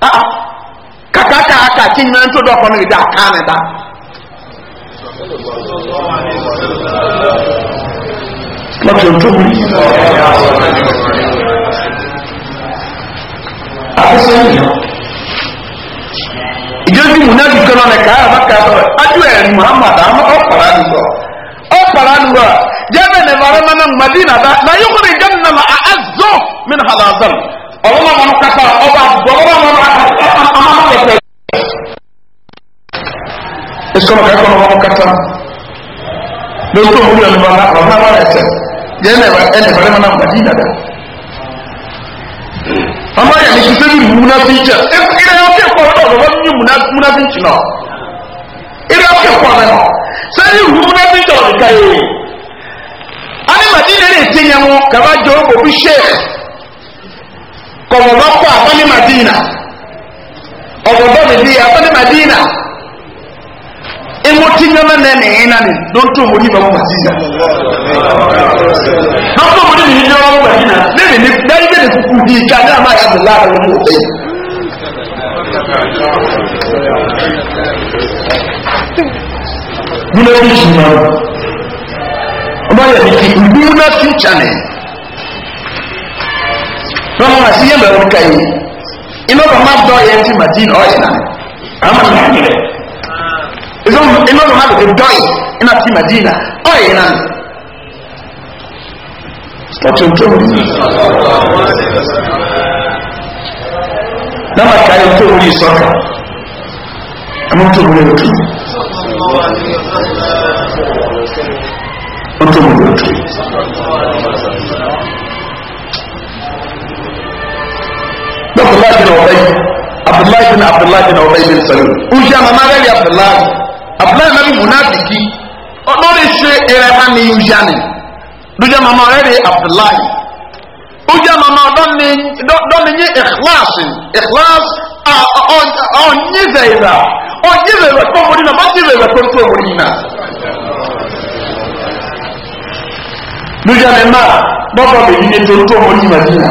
kàkà kàkà kí n yẹn tó dọ̀ kọ́ níbi dá ká ni dá. lọ́tọ̀ tó wù. àfẹsẹ̀yìn ìjọ́jú múnájú kan náà nìkan àbá sọ̀rọ̀ ajú ẹ̀ muhammad àmọ́ ọ̀pàrà nìkan ní bàrẹ́ mọ́nà yóò ní jẹ́ nínú àmà àzọ́ mi hàlà àzọ́ mi. ọ̀rọ̀ náà mọ̀nà kata ọba àgbọ̀gbọ̀ mọ̀nà amáhà lẹ́pẹ̀. Esikọ́nà kẹ́kọ̀ọ́ náà mọ̀nà kata lórí tó ń wúlò ní bàbá ọ̀rọ̀ náà wọ́n ẹ̀sẹ̀ yẹn lẹ́wà ẹ̀lẹ́ bẹ̀rẹ̀ mọ́nà gbàdí dàda. Ọmọ yẹn ní sísẹ́ ní múnafi jẹ ìrẹ́ ọ̀kẹ́ pọ̀ náà lọ́wọ́ ní múnafi jì náà ìrẹ́ ọ̀kẹ́ pọ̀ náà sẹ́yìn ìlú múnafi jẹ ọ̀dùnkà yìí. Adé màdí lè lè tẹ̀yẹ̀ wọn kàbá jẹ́ òbòbí ṣẹ́ẹ̀ kọ̀bọ̀bọ̀ kọ́ àbọ́lé madina ọ̀bọ̀bọ̀ mi di àbọ́lé madina ìmú tí nyọ́nà nẹ́ẹ̀nì yín náà ni dọ́tò mo ní bàbá madina dọ́tò mo ní mi ní ọwọ́ madina lẹ́yìn ní lẹ́yìn ní kúkú di ìka ní àmà yàgò láàrin ọmọ òbí. Bí ló ń sùn náà? Ọba yẹ̀ mi kì í gbúná fíjà nìyí fọmọ wa si yẹn bẹ wọn ka yi inú bọ má dọ yẹn ti ma dín ọyìn náà àwọn ọmọ yẹn yẹn inú inú bọ má dọ yẹn dọ yìí iná ti ma dín náà ọyìn náà tọ́tún tó wù yìí náà ká yẹn tó wù yìí sọ́kà àmọ́ tó wù yẹn tó wọ́n tó abdullahi bin ubay abdullahi bin abdullahi bin ubay bin salul ujá mama rẹ̀lì abdullahi abdullahi mẹ́rin munafiki ọdún rẹ̀ ṣe eré hàn ní ujá ni ujá mama rẹ̀lì abdullahi ujá mama dọ́ni ní ìkíláàsì ìkíláàsì ọ̀nyẹ́zẹ̀ ìlà ọ̀nyẹ́zẹ̀ ìlà tó mọ̀ nínú àbájẹ́ ìlà tó tó mọ̀ nínú. lójú àmì máa bọ́bọ̀ bèbí ní tó tó mọ̀ nínú àdínà.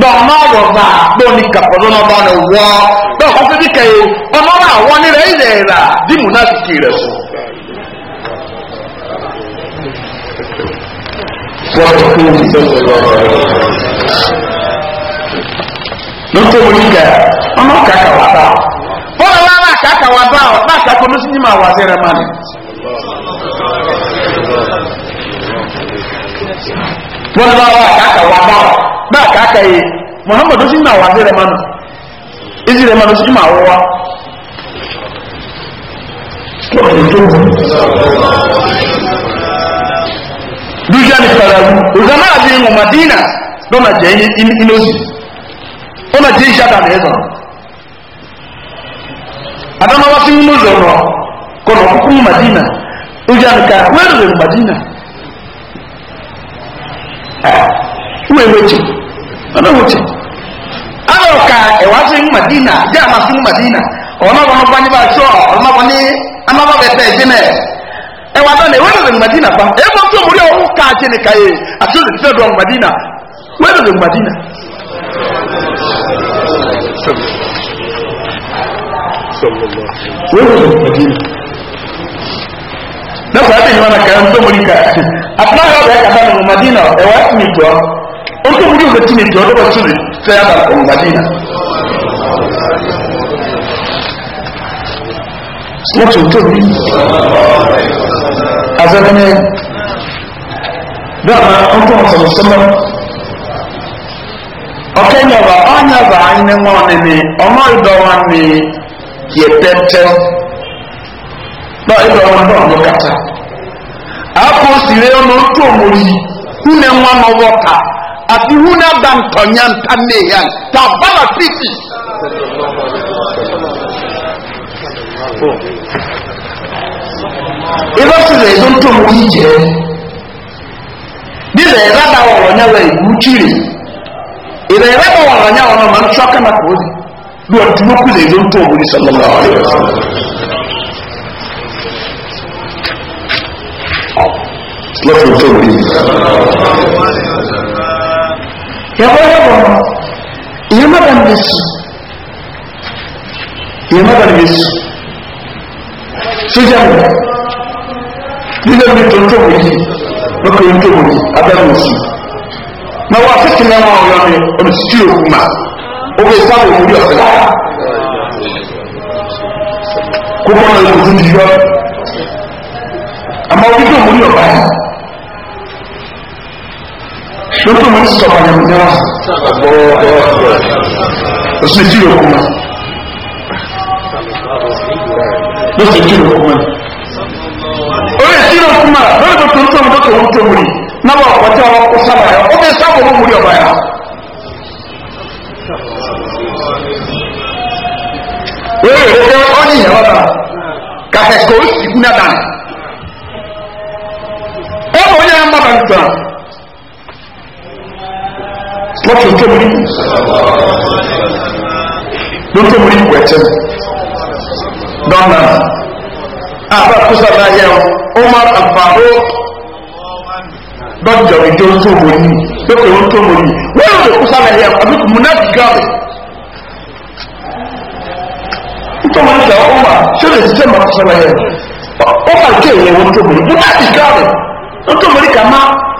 dɔɔnɔ wɔ ba dɔɔni kapɔdɔ na ba na wɔ dɔɔ kɔfɛ bi kɛyi ɔnɔ na wɔ ni rɛ yi rɛ ra di mu na kiki rɛ so. lọ́tọ̀ mo ní kẹ́ ọmọ kàkà wà bá bọ́ọ̀lù wa náà kàkà wà bá ọ náà kàkà ọmọ sí ní ma wà sí rẹ̀ mánì. wọn bá wà káàkà wà bá wà náà káàkà yìí muhammadu sí náà wà sí rẹ mánu ìsì rẹ mánu sí máa wọ wa. dúkìá ni sàràbù ọ̀gá náà di ìwọ̀n madina lọ́nà jẹ́ inósì ọ̀nà jẹ́ ìṣàdà ní ẹ̀sán. adamawa sí mímú zọrọ kọlọ̀ kúkú madina dúkìá ni ká wẹ́rẹ̀ madina. ụmụ èwe jù ọ̀nà òwò jù àwọn ọ̀ka ẹ̀wà sí ń màdínà bí àmà sí ń màdínà ọ̀nà ọ̀nà bá mmadina kwa. sọ ọ̀nà bá ní amábá bẹ̀ bẹ̀ jẹ́ mẹ́ ẹ̀wà náà ni wọ́n èwe màdínà pa ẹ̀ ojú omi yóò ti mi jọ lọ́wọ́ sí mi fẹ́ àbá ọ̀hún o wọ́n ti tó mi. azẹ́fẹ́ni dáhà ọ̀tún ọ̀sán sọ́mọ́ ọ̀kẹ́ nyọ̀bà ọ̀nyọ̀bà ẹni wọn ni ọmọ ìdọ̀ wọn ni yẹ pẹ́ntẹ́ náà ìdọ̀ wọn náà ọ̀nyọ̀ kàtà. àpò òsì rẹ̀ ọ̀nà tó mọ̀ yìí kúnlẹ̀ wọn ọwọ́ ta àti húnà dantọ̀nyà ntànnìyà tàbára títì. ìbá sílẹ̀ èdè tó mú yí jẹ́ nílẹ̀ ìrádà wọ̀rọ̀ nyà wọ̀ ìlú kiri ìlẹ̀ ìrádà wọ̀rọ̀ nyà wọ̀ mà ń tí ọkà náà kúrò ní wọ́n dúró kúlẹ̀ èdè tó mú yí sọ̀rọ̀ lọ́wọ́ rẹ̀. lọ́kùnrin tó mú yí yɛbɔyɛ bɔ no yɛma ba no bɛsi yɛma ba no bɛsi sogya no bíbélì mi tontom wò yi lọkọ yẹn tontom wò yi abẹ́ mi si na wọ́n afẹ́tí mẹ́wàá ọ̀yọ́ mi ọ̀nà títí òkú ma ọbẹ̀ ìsá wò wúlò ọ̀sẹ̀ lára kókó náà yẹ kó tó di yọ àmọ́ wíwọ́n wúlò ọ̀bá yìí lọ́tọ̀ mọ́ ní sọ̀rọ̀ àwọn ọmọdé wọn o sì jí òkú mọ́ o sì jí òkú mọ́ o lè jí òkú mọ́ lórí tó tó ń tó tó ń tó wuli náà wọ́n kọjá wọn kó sábà yà ó bẹ sábà o yẹ kó kẹ́ ọ́ ní o sì kú lọ́tọ̀ tó mú ní lọ́tọ̀ mú ní wẹ̀tẹ́ dọ́nà àbá kúsà láyé umar alfaro dọ́jọ́ ìjọ tó mú ní lọ́tọ̀ ìwọ́n tó mú ní wọ́n lè kúsà láyé àbí kò múná gáàbì nítorí wọn gbà ọmọ tí ó lè ṣiṣẹ́ mọ̀ kúsà láyé ọmọ kéèyàn wọ́n tó mú ní múná gáàbì nítorí wọn kà máa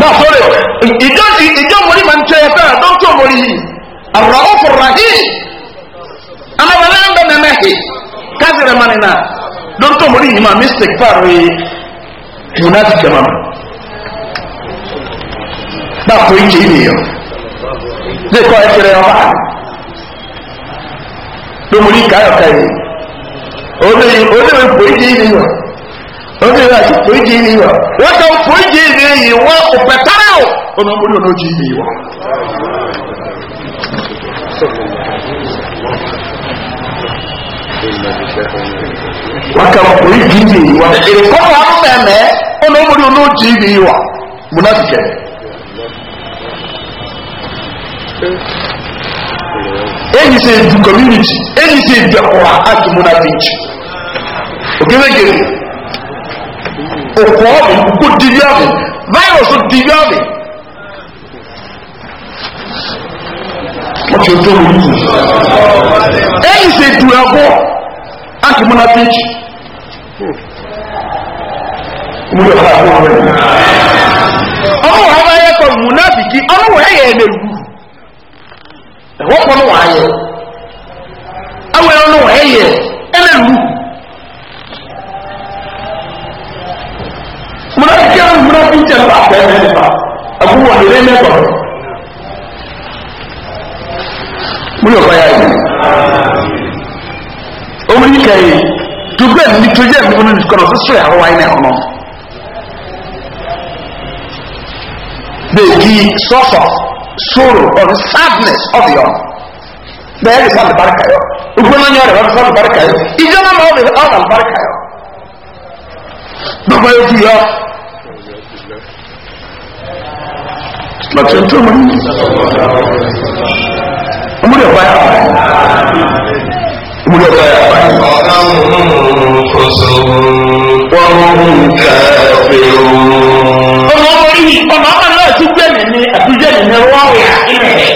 báfọ́rẹ̀ ìjọ ìjọ mọ̀rí mori ń tẹ́ ẹ̀fẹ́ àdọ́tọ̀ mori yìí àrọ̀ ọ̀fọ̀ rahim alábàárẹ̀ ń bẹ̀ mẹ́mẹ́hì káàkiri mani náà dọ́tọ̀ mọ̀rí yìí máa mistake fáre united german báfọ́ ìjì ìnìyàn lè kọ́ ẹ̀fẹ̀rẹ̀ ọba lọ́mọdé káyọ̀ká yìí ó lè ó lè wọ́n pọ̀ ìjì ìnìyàn oge ya ti po ije ile iwa wọ́n tó po ije ile iwa kò pẹ̀tẹ́rẹ́ o ọ̀nà ọmọdé ọ̀nà ojì ile iwa. wákà wọ́n po ije ile iwa èkó wà mẹ́mẹ́ ọ̀nà ọmọdé ọ̀nà ojì ile iwa múnáfíkẹ́. eyi sè du community eyi sè dẹkùrà àti múnáfíkì ògèlè gèlè. òkú ọ̀bì kúkú dìbí ọ̀bì virus dìbí ọ̀bì. ọ̀tí ọjọ́ mi kù. èyí ṣe du ẹ̀kọ́ àti múná péjì. mo yọ ká fún ọ̀rẹ́ mi. ọmọ wa bá ọrụ ahịa múná bìkì ọmọ lẹ́kọ̀ọ́ mo yọ̀ báyà yìí omi ní kẹ́yì tó bẹ́ẹ̀ ní tó jẹ́ mímú nínú kọ́nà tó sọ ìyàwó wáyé náà ọ̀nà bèèkì sọ́sọ̀ sorrow or sadness of your bẹ́ẹ̀ ní sáà lùbáríkà yọ ogun náà yọ rẹ̀ wọ́n sáà lùbáríkà yọ ìjọba máa ń bẹ̀rẹ̀ ọ̀nà lùbáríkà yọ. bàbá yóò fi yọ láti ọjọ́ mọ̀ ní ọmọdé ọ̀pá yà pààyàn ọmọdé ọ̀pá yà pààyàn. ọmọ orí ọmọ ọmọ náà ti gbé nìní àbújá nìní rọ́ọ̀yà ilẹ̀ rẹ̀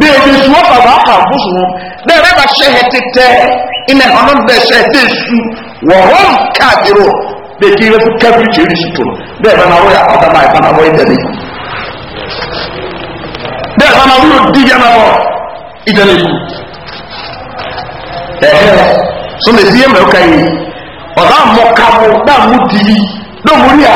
bẹ́ẹ̀ bí sùn ọ̀pá bá kà fún sùn bẹ́ẹ̀ rẹ̀ bá ṣẹ̀hẹ̀ tẹ́tẹ́ ilẹ̀ ọ̀nà bẹ́ẹ̀ ṣẹ̀hẹ̀ tẹ́ su wọ̀hún káàkiri bẹ́ẹ̀ kí ilé fún kẹ́fì ṣe é ní sùtò bá náà wọ́yà ọ̀dà náà ìbánáwọ́ ìdẹ́lẹ́yìn. bẹ́ẹ̀ sọ́nà ọdún díjà náà bọ̀ ìjọba ìlú ẹ̀hẹ́ sọ́nà èsì yẹn mẹ́ọ̀ká yìí ọ̀dà mọ̀ká mọ̀ náà mú di yìí náà mú rí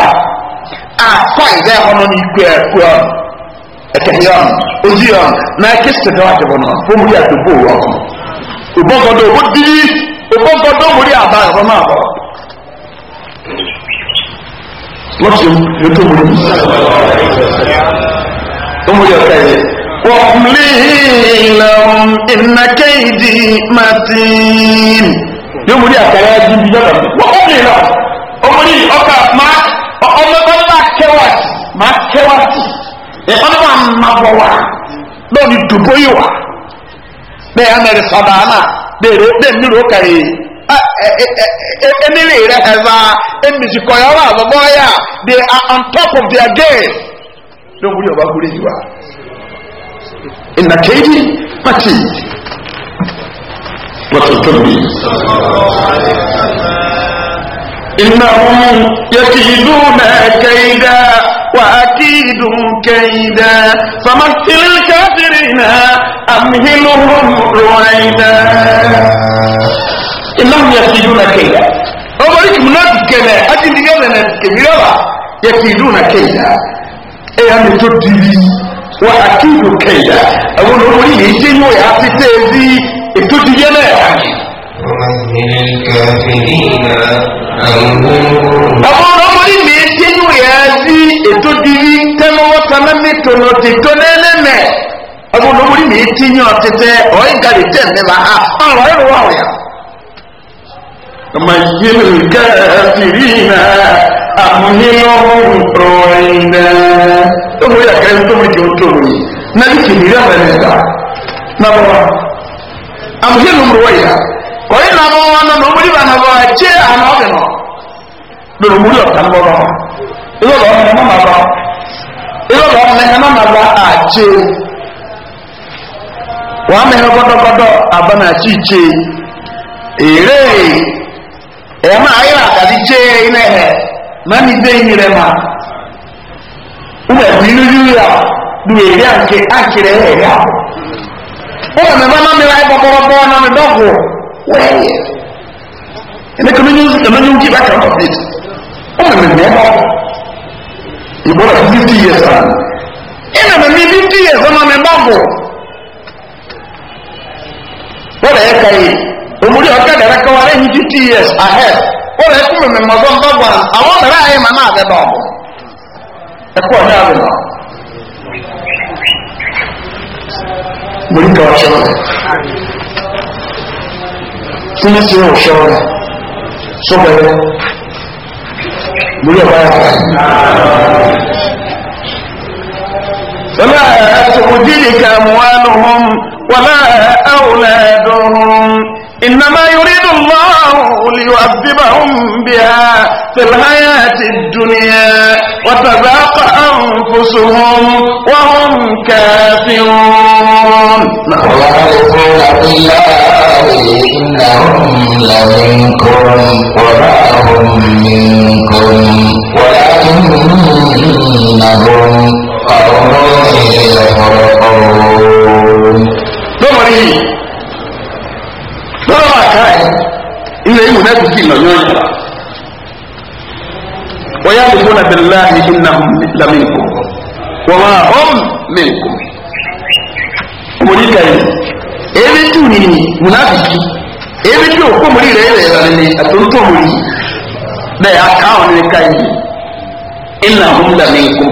lọ́tí ló tó múlò ó múlò ọ̀ká ẹ̀yẹ. wọ́pùlì ìlànà ìnà kéèdì màtín yóò múlò àkàrà ẹ̀dùn bí lọ́dọ̀ wọ́pùlì ìlànà ọmọdé ọkà máa ọmọdé kẹwàtì máa kẹwàtì ẹ̀fọ́n máa ma bọ̀ wá lọ́ọ̀ni dùbọ́ yìí wá bẹ́ẹ̀ amẹ́rẹ́ sọ̀dọ̀ àná bẹ́ẹ̀ ní ló kàyé. Anyway, emiri rẹ ẹva emisikọya the àbọbọya they are on top of their game ló ń wúlò ọba wúlò yìí wá ìnàkéjì pàtì wọ́n tó mi. إنهم يكيدون كيدا وأكيد كيدا فمثل الكافرين أمهلهم رويدا innahum yakiduna kayda omori munati kene ati ndigene ne kemirawa yakiduna kayda e ya mi to dibi wa akidu kayda awon omori ye je yo ya ti se bi e to digene àwọn ọmọdé mi ṣe ń wòye sí ètò dìrí tẹnuwọ́ tẹnu mi tònà tètò lẹ́lẹ́mẹ̀ àwọn ọmọdé mi ti yàn tètè ọ̀ẹ́gàlè tẹ̀ mẹ́la ọ̀rọ̀ ẹ̀rọ wà wọ̀nyà. مجد الكافرين أمنهم رويدا أمو يا كريم تومي جو تومي نالك ميرا بنسا نبوا أمنهم رويدا kɔyi na mo wọn nana omuli ba na bɔ ɛkyɛ ana ɔbɛ nɔ lori omuli ɔta nbɔ bɔ ebi ɔbɛ ɔmɛ nana bɔ ebi ɔbɛ ɔmɛ nana bɔ akyɛ wɔn amɛ ẹ̀yàmá ayéra àtàdí jẹ́ iná ẹ̀ máa ní bẹ́ yìí rẹ̀ máa wúwẹ̀ bí lójú rà lu èrè àti àkìrẹ̀ ẹ̀ rà wọ́n mẹ̀ bá máa mi ra ẹ̀bọ̀ bọ́rọ̀bọ́ náà mi dọ́gù wẹ́ẹ̀yẹ ẹ̀mí kò ní ẹ̀mí ọ kí bákan complete wọ́n mẹ̀ mẹ̀ bọ́ ìbò rẹ̀ fifty years ah ẹ̀nà mẹ̀mí fifty years ọmọ mi dọ́gù wọ́n rẹ̀ ka kàyé. omuli ọkadara kawara ehi fifty years ahead ụlọ ekwu mmemme mmọzọ mba gwara awọ mere anyị ma na-abịa na ọgụ ekwu ọhịa abụ na mmiri ka ọchọ tinye si ya ọchọ ọrụ sọgbere mmiri ọba ya ولا تؤذيك أموالهم ولا أولادهم إنما يريد الله ليعذبهم بها في الحياة الدنيا وتذاق أنفسهم وهم كافرون نعم. إنهم لمنكم وما هم منكم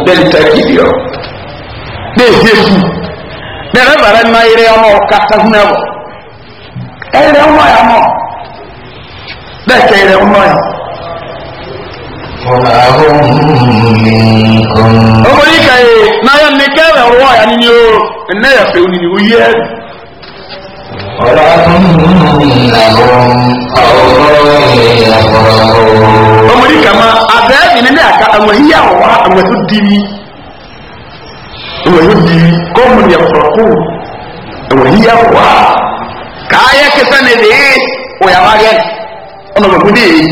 dẹni tẹki diọ de jesu dẹrẹ bara ma yẹrẹ ọmọ kata hun ẹwọ ẹyẹrẹ ọmọ yà mọ bẹẹ kẹ yẹrẹ ọmọ yà. ọmọ yìí kà yé n'ayọ̀ nìkẹ́ rẹ̀ wọ̀ yà ni yóò ẹ̀ náà yà fẹ́ òní ni ó yẹ ẹ̀ ọmọdé kama abẹ́ ìní ní àká àwọn èyí àwọ̀wá àwọn tó dìí àwọn èyí dìí kọ́mù ní ọ̀pọ̀lọpọ̀ àwọn èyí àwọ̀wá káyẹ́ kẹsàn ní èdè òyàwó agẹ́ ọ̀nà ọ̀gbọ̀n ní èyí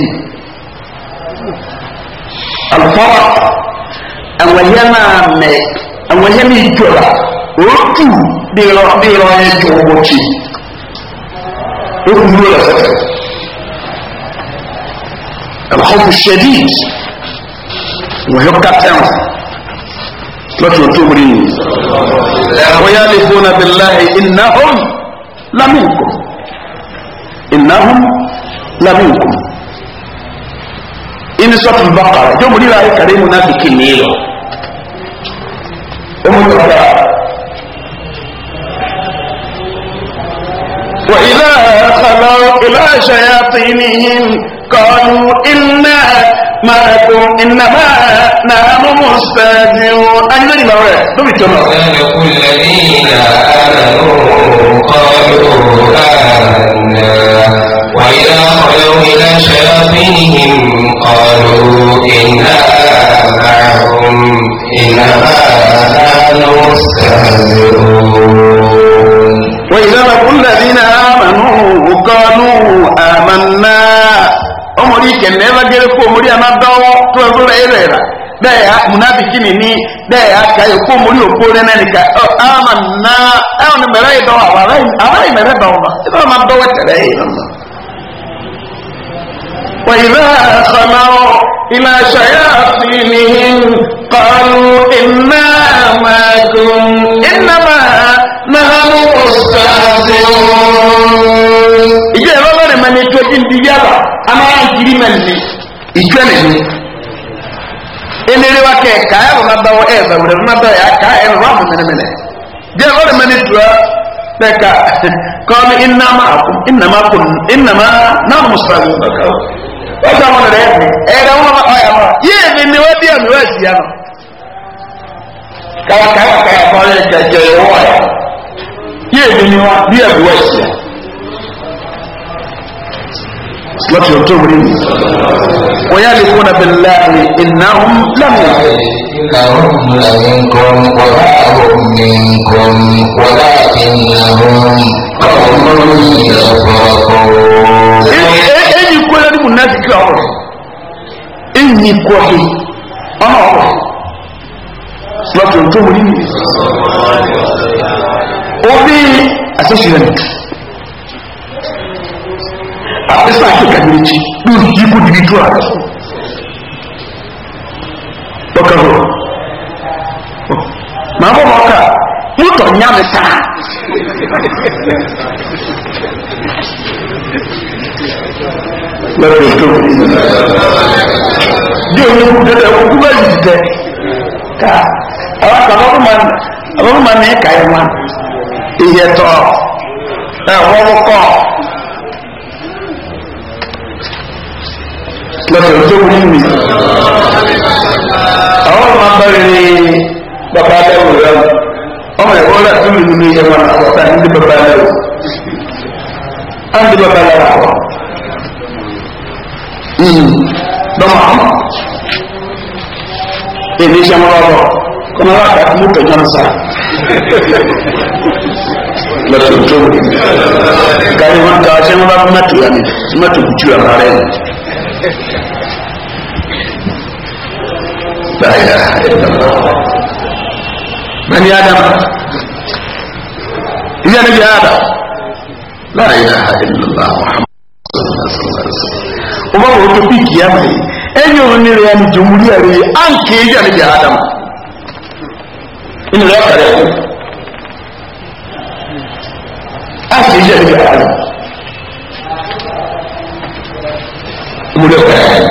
alùpàwà àwọn èyí náà mẹ àwọn èyí ní ìjọba òótù bí ìrọ̀ bí ìrọ̀ ẹ̀jọ̀ ọ̀gbọ̀n kìí. حكم دول الخوف الشديد ويبقى تنفع لكن تمرين ويالفون بالله إنهم لمنكم إنهم لمنكم إن سورة البقرة جمهوري رأي كريم منافقين نيلو أمور وإذا شياطينهم قالوا إنا معكم إنما نحن مستهزئون أين لما وذلك الذين آمنوا قالوا آمنا وإذا خلوا إلى شياطينهم قالوا إنا معكم إنما نحن مستهزئون amanna ọmọdé ìkẹ̀lẹ́ lágẹ́rẹ́ kó omori amadọ́wọ́ tó ẹgbẹ́ rẹ̀ rẹ̀ rà bẹ́ẹ̀ ya munafiki nìní bẹ́ẹ̀ ya kàyọ̀ kó omori òkú rẹ̀ náà nìka ọ amanna ẹ̀wọ̀n ni mẹ̀rẹ̀ yìí dọ́wọ́ àwọn aráyè mẹ̀rẹ̀ dọ́wọ́ ma ẹ̀ bá ma dọ́wọ́ tẹ̀lé yìí nà. وإذا خلوا إلى شياطينهم قالوا إنا معكم إنما نحن مستهزئون ẹni tó jí ń di yàrá amáyà ń kiri mẹ́lì ní ìjọ ẹ̀mí ni eléyìí wa kẹ ká ẹ wọn bá wọ ẹ bá wọlé wọn bá yà ká ẹ wọn bá mẹnẹmẹnẹ jẹ ọ lè mẹni tura bẹ ká kọ́ni ìnàmà ìnàmà kùn ìnàmà náà mùsùlùmí ọ̀gá ọ̀gá wọn rẹ̀ ẹ̀ ẹ̀ wọn bá ọ̀yà wọn yíyẹ mi ni wọ́n di ẹ̀mí wọ́n ẹ̀sì yẹn nọ kárakára kára kọ́ ẹ jẹjẹ ìwọ́ ẹ̀ kí èmi ni wá bí ẹ̀bí wá ìsìn láti ọjọ́ orí mi wọ́n yá lè kún abẹ́ láàrin iná lámì. Ìkàrún làwọn kan wọ́lá àwọn mi kan wọ́lá àti ẹni mú náà kíkà ọ̀rọ̀. Èyí kú ọ̀hìn ọ̀rọ̀. Láti ọjọ́ orí mi. Orí àṣẹṣe apesa akeka ne n'ekyi ne oyi ko didi dura ɔka hɔ maa bɔ ma ɔka mutɔ nyame saa lẹ́yìn tó di omi dẹdẹ kú bá yìí dẹ ká àwọn àtàwọn ọmọ mi kà yẹn wá ìyẹtọ ẹ wọ́n kọ́. lọ́dọ̀ tó wú mi. àwọn ọmọ abẹ́rẹ́ ni bàbá adáwò rẹ̀ ọmọ ẹ̀kọ́ rẹ̀ tó lù mí ẹ̀wọ̀n àkọ́tà ní bàbá adáwò. á ní bàbá adáwò. dọ́mọ̀ hmm. àmọ́ èmi ṣe mọ́ lọ́wọ́ kọ́ mọ́ láti àkúmú pẹ̀jọ́ ń sá. lọ́dọ̀ tó wú mi. káyọ̀ wọn ta ṣé wọn bá mọ́tò yá mi mọ́tò kùtù àmọ́ rẹ̀ ni. لا إله إلا الله بني آدم يا نبي آدم لا إله إلا الله محمد صلى الله عليه وسلم وما هو تبيك يا مي أين يرني ريان جمهورية ري أنك يا نبي آدم إن لا كريم أنك يا نبي آدم múlẹ̀ pẹ̀lú.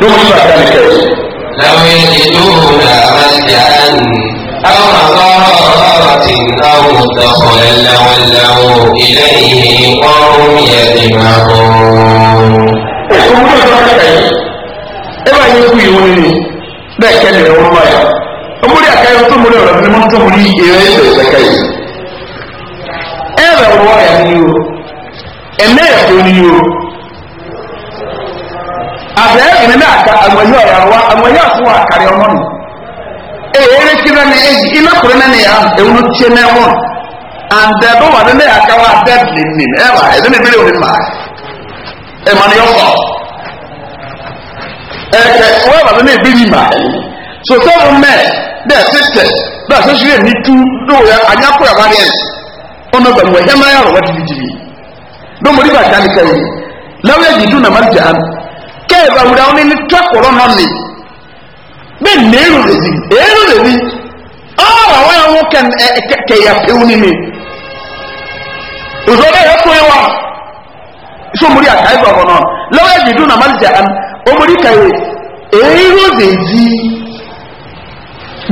lóhùn ìgbà tá a lè kẹ́rù. làwọn ètò làwọn ìjà ń àwọn àgọ́rọ̀ ọ̀rọ̀ tí láwọn tọkọ̀ lẹ́láwọn láwọn ilé ìhìn wọ́n rún yẹn ní máa bọ̀. èso múlẹ̀ tó wá kẹ́kẹ́ yìí ẹ bá yẹ kú ìwé ni bẹ́ẹ̀ kẹ́lẹ̀ rẹ̀ wọ́n báyà ọmọdé àkàyọ̀ tó múlẹ̀ ọ̀rọ̀ ni wọ́n tó múlẹ̀ ìrẹsẹ̀ ìsẹ̀kẹ́ yìí. ẹ bẹ̀ wọ́n wá yà nínú a ẹ̀fọ́ ni o àbẹ̀ ẹ̀mẹ́ àka àmọ̀yé ọ̀rọ̀ wa àmọ̀yé àfọ́ àkàrẹ̀ ọmọ nù èyí eré kíra ni èyí iná kúrẹ́ náà nìyà ewu ló náà wọ̀n àǹdẹ̀ bó wà nílé àka wa dẹ́bìlì nì ẹ̀ wà na dẹ́bìlì bílẹ̀ òní mà ẹ̀ mà ni yọ kọ̀ ẹ̀ kẹ̀ wọ́n wà ní yà wá ní do mori ba tan kai law ya jidu na marja'an ke ba wura woni ni to koro no ni be ne ru le zi e ru le zi ah wa ya wo kan e, e, ke ya pe woni ni uzo be ya ko wa so mori a kai ba no law ya jidu na marja'an o mori kai e ru le zi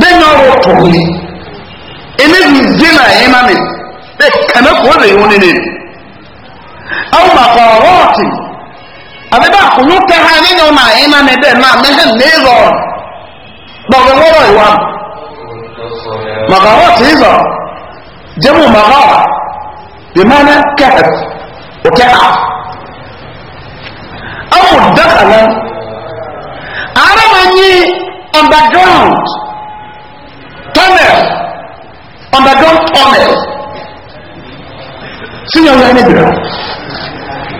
be no ro to ni ene zi na e ma ni be kana ko re woni aw makoroti, abi ba ko na ha na ma e ma ma iwa Makoroti izo jamu maqara bi mana kahf wa kahf ara manyi underground tunnel underground tunnel ya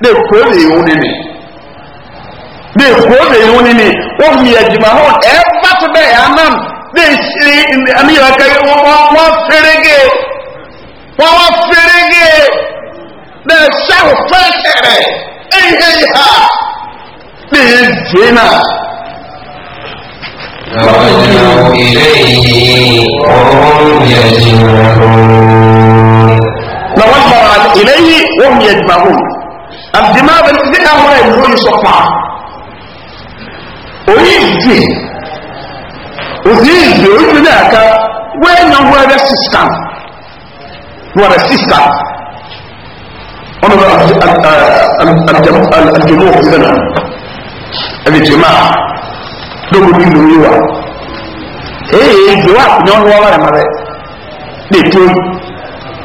ne kuro de ihu ni ni ne kuro de ihu ni ni wọn mi ẹjuma hɔ ɛfa ti bɛ anam ne siri ani yɛrɛ ka wọn wọn ferege wọn wọn ferege ne sahu fɛtɛrɛ ehe ha ne ye zena. رجعوا إليه وهم يجمعون. رجعوا إليه وهم يجمعون àdìmá bẹ̀rẹ̀ ti dẹ́ka wọn ẹ̀rọ yìí sọ pa oyi ìdè òsì ìdè oyi ìdè náà ká wẹ́ẹ̀ nyà wọ́n ẹ̀rẹ́ sísítà wọ́n ẹ̀rẹ́ sísítà wọn bẹ àdìmọ̀ òsìlẹ̀ náà ẹ̀rẹ́ jẹ̀má lóko ní ìlú yìí wa èyí ìdè wa nyà wọ́n wọ́n wọ́n rẹ̀ mọ́ rẹ̀ lè tó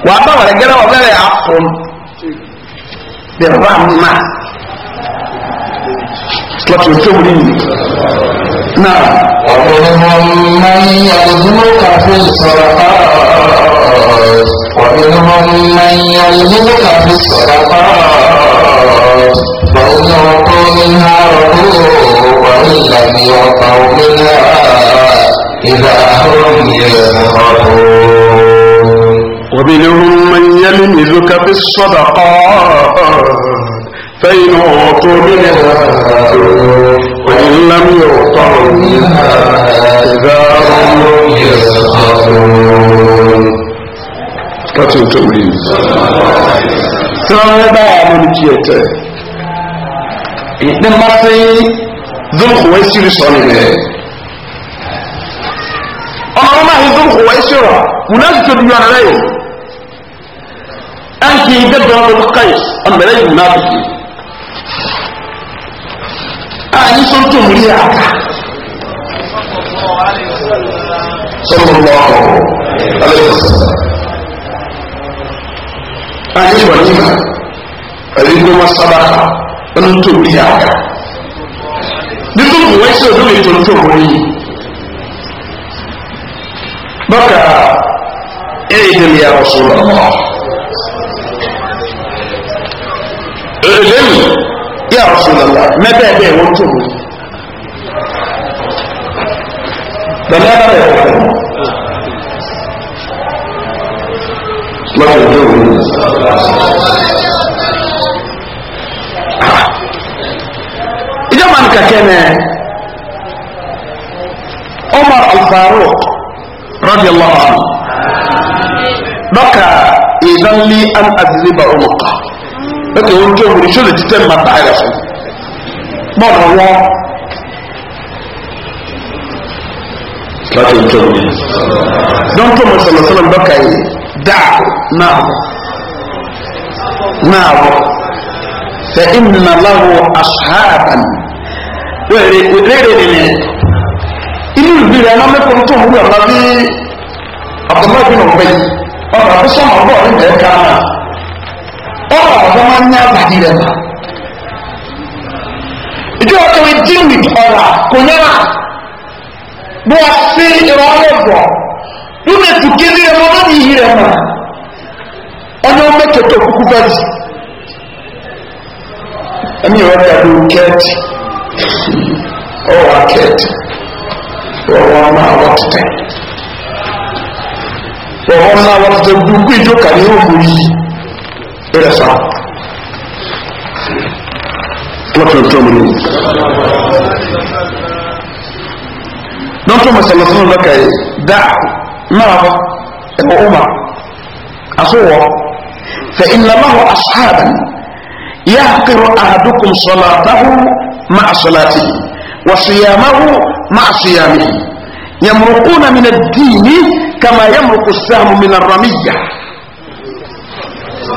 wà á bá wà lẹ́gẹ́rẹ́ wọ́n bẹ̀rẹ̀ àpọ̀ the ram man slọtù tó wù nínú náà. ọ̀pọ̀lọpọ̀ máa ń yàgòdúró kàfé sọ̀rọ̀ ọ̀pọ̀lọpọ̀ máa ń yàgòdúró kàfé sọ̀rọ̀ ọ̀pọ̀lọpọ̀ ọkọ̀ nínú àròkó wàhálà ìlànà ọkọ̀ òmìnira ìlà àrùn yẹn ọ̀pọ̀. ومنهم من يلمزك في الصدقات فإن أعطوا منها وإن لم يعطوا منها إذا هم يسخطون كاتب تولين سابع من كيته إذن مرتين ذو الخويسير صليبه أنا آه، ما هي ذو الخويسير منافق بيان عليه an ke dabbar da kais an bere yi munafiki a yi sun tun muri a ka sallallahu alaihi wasallam a yi walima a yi kuma sadaka an tun muri e a ka duk tun wai sai dole tun tun muri baka اعدل يا رسول الله èléyìí yà ọ̀ṣunlọ́lá mẹ́bẹ̀ẹ́bẹ̀ wọ́n tó wù. Bẹ̀rẹ̀ bẹ̀rẹ̀ wọ̀ lọ́wọ́ tó wù. Ìjọba nǹkan kẹ́nẹ̀ Omar Al-Faruq radiyallahu anhu. Dọ́kà ìdánlé an ɛkɛ wɔn twɛ wɔn nsuo de titɛ ma taayɛ so bɔɔl wɔ kaki ntwɛ wɔn dɔn tó mo sɔlɔ sɔlɔ bɛ ka yi daa naa naa wɔ fɛ inna lahu ashaaban wɛrɛ wɛrɛ de ne inú ìbí rẹ ɛnà mẹkọọ tó wúlò ɔnà bí abdulayi bin ọbẹ yìí ɔnà bí sọmọ bọọlù bẹẹ kàn án. ọ̀rọ̀ ọ̀gbọ́n ní àbàdí rẹ̀ bá. ìjọ ọ̀tọ̀wé díwì ọ̀rà kò yára bí bụ sí ìrọ̀ ọlọ́gbọ̀ lónà ìtùkí ní ẹmọ náà ní ìhì rẹ̀ mọ̀ ọ̀nà okwukwu kúkú ẹni ìwọ́n bí adó kẹ́ẹ̀tì ọwọ́ kẹ́ẹ̀tì ọwọ́ máa wọ́ máa ìjọ yìí إلى صلاة لكن تؤمنون نقول ما صلى الله لك دع مرض أبو عمر أخوه فإن له أصحابا يحقر أحدكم صلاته مع صلاته وصيامه مع صيامه يمرقون من الدين كما يمرق السهم من الرميه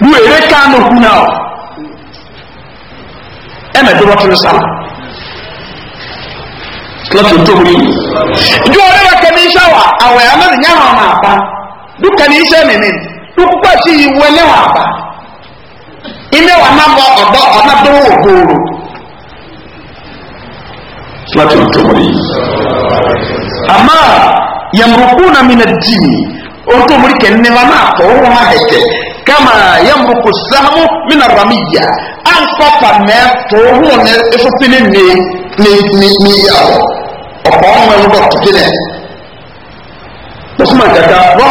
du ere ka n'okpuru o ɛmɛ dɔbɔ tiri sama lọtò tóbi ju ọrẹ wa kẹmi iṣẹ wa awẹ amẹbi nya hàn ma iṣẹ sí ilé wa má bọ ọdọ ọdọ tó wò gbòòrò lọtò tóbi àmà na mi na dì mí kẹ náà wọn kama yambuku sahamu mina ramiya an papa mɛ toohu ne esopini ne ne ne ne ya o ɔkɔ ɔmɔ ɛmu dɔ tuti nɛ osuma kaka bɔ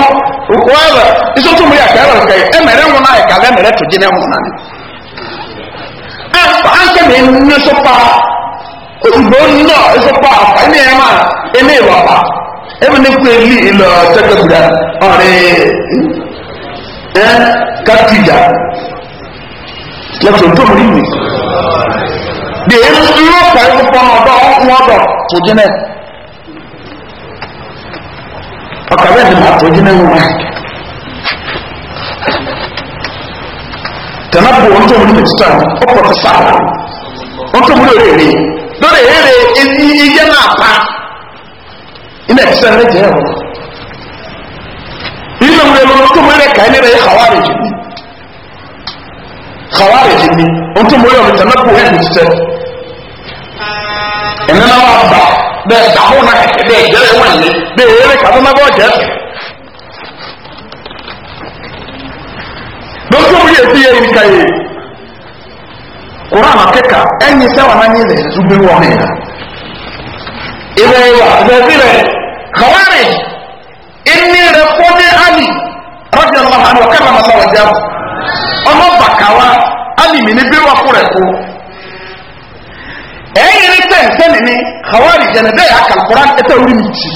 wɔyɛbɛ isotu mu yɛ kɛyɛbɛ kɛyɛ ɛmɛrɛ ŋuna yɛ kalɛ mɛrɛ tuti nɛ ŋuna ni an an kɛ mɛ ne so pa osugbɔ nnɔ eso pa afa ɛmɛ yɛ ma ɛmɛ yɛ wa pa ɛmɛ ne ko eli ilɔ tɛtɛ gbira ẹ́ kátìjà lọ́tọ̀ tó mú mi de ló pẹ̀lú pọ́n ọ̀dọ́ ọkùn ọ̀dọ̀ tó jẹ́ náà ọkà bẹ́ẹ̀ ni mà tó jẹ́ náà wọ́n tẹ̀lá bò ń tó mú mi títà ó pọ̀ tó sá ó tó mú mi rèé lórí èrè ẹni iye náà pa ilẹ̀ ìṣẹ́ rẹ̀ jẹ́ ọ̀dọ̀ ilé wúlò lọ tó mú ilé ka ilé rẹ xawaare jì ní xawaare jì ní o tó mú ilé wọn tẹmẹ kó hẹn tẹ ẹnẹ náà wà bá bẹẹ dàmú na kẹkẹ bẹẹ jẹrẹ wọn lé bẹẹ yẹrẹ kàdó náà bọ jẹ lọ́tọ́ mú yẹ fi yẹ yìí ka yẹ kuran akeka ẹnyin sẹwọn náà nyi zubiru wọn yẹ ibẹ yẹ wa ibẹ fi lẹ xawaare inni rẹ̀ fún ní ali rọ́jà lọ́wọ́ àná ọ̀kẹ́rẹ́ màsá wà já ọmọ bàkàwá ali mi ní bí wà fún rẹ̀ kú. ẹ̀yìn ní tẹ̀sẹ̀ nìní hawari jẹ̀nẹ̀ bẹ́ẹ̀ àkàlùkùrá ẹ̀tẹ̀ orí mi jì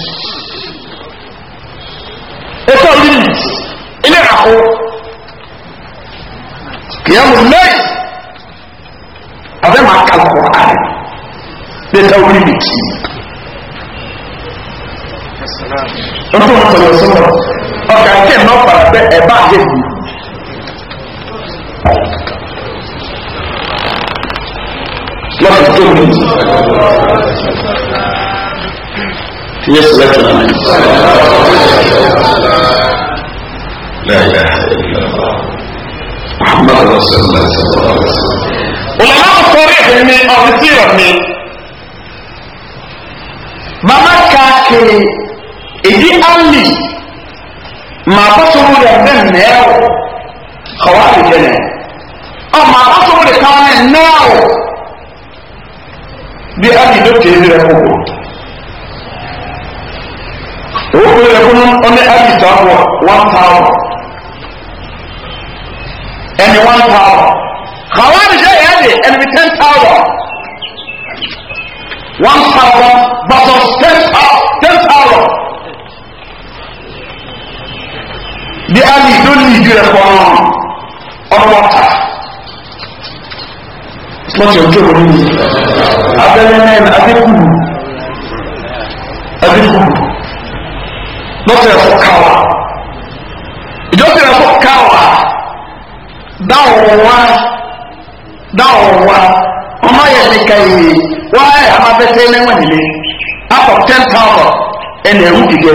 ẹ̀tẹ̀ orí mi jì ilé àkó kìyàmù lẹ́yìn ọ̀fẹ́ màá kàlùkùrá ẹ̀tẹ̀ orí mi jì ọkọ ọsọlọ sọlọ ọkà nkẹ nọ fara pẹ ẹba ayé bi lọsọ tó mi yẹ sọlọ tó mi. لا إله إلا الله محمد رسول الله صلى الله عليه وسلم ولما الصريح من أو كثيرا من ما مكاكي only ma ba so mu de ne neo khawali ah, de ne o ma ba so mu de ka ne neo bi abi do te dire ko o ko le ko non on ne abi one thousand and one thousand khawali je ya de and with ten thousand one thousand but of ten thousand ten thousand di ali ló ní ìdí rẹ̀ pọ̀ ọ̀pọ̀ ta lọ́sẹ̀ ojú òkú ní abẹ́lẹ́ mẹ́rin adékùnú adékùnú lọ́sẹ̀ ẹ̀fọ́ káwà ìjọsẹ̀ ẹ̀fọ́ káwà dáwọ̀ wá dáwọ̀ wá ọmọ yẹn ní ka yìí wá ẹ̀ amábẹ́sẹ̀ lẹ́wọ̀n nílé afọ ten thousand ẹ̀ na ẹ̀rú dìde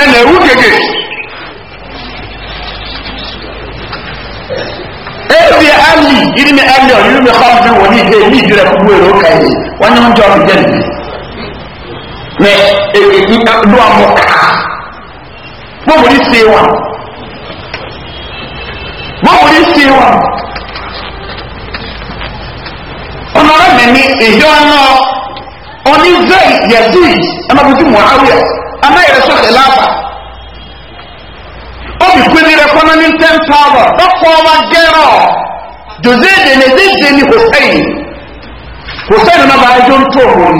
ẹnna ẹwú gègé ebi ali yiri mi ali ọyiri mi kọ́ mi wọ ní ìdè ní ìdìrẹ kúkú èrò ọkà yìí wọn ní oúnjẹ ọmọ jẹ nìyí mẹ èyí ló àmọ kàá wọn kò ní ṣe wa wọn kò ní ṣe wa ọ̀nà ọ̀rẹ́ mi ní ìjọ náà ọ̀ní zẹ́ẹ̀ yẹ̀ sí ẹ̀ máa bójú mu àwíyà ama yɛrɛ sɔ khilafa obi kuni rɛ kɔnɔ ni ten power dɔkɔɔba gɛrɛ jose dene de deni hosɛyi hosɛyi nana baa jɔn tó wɔn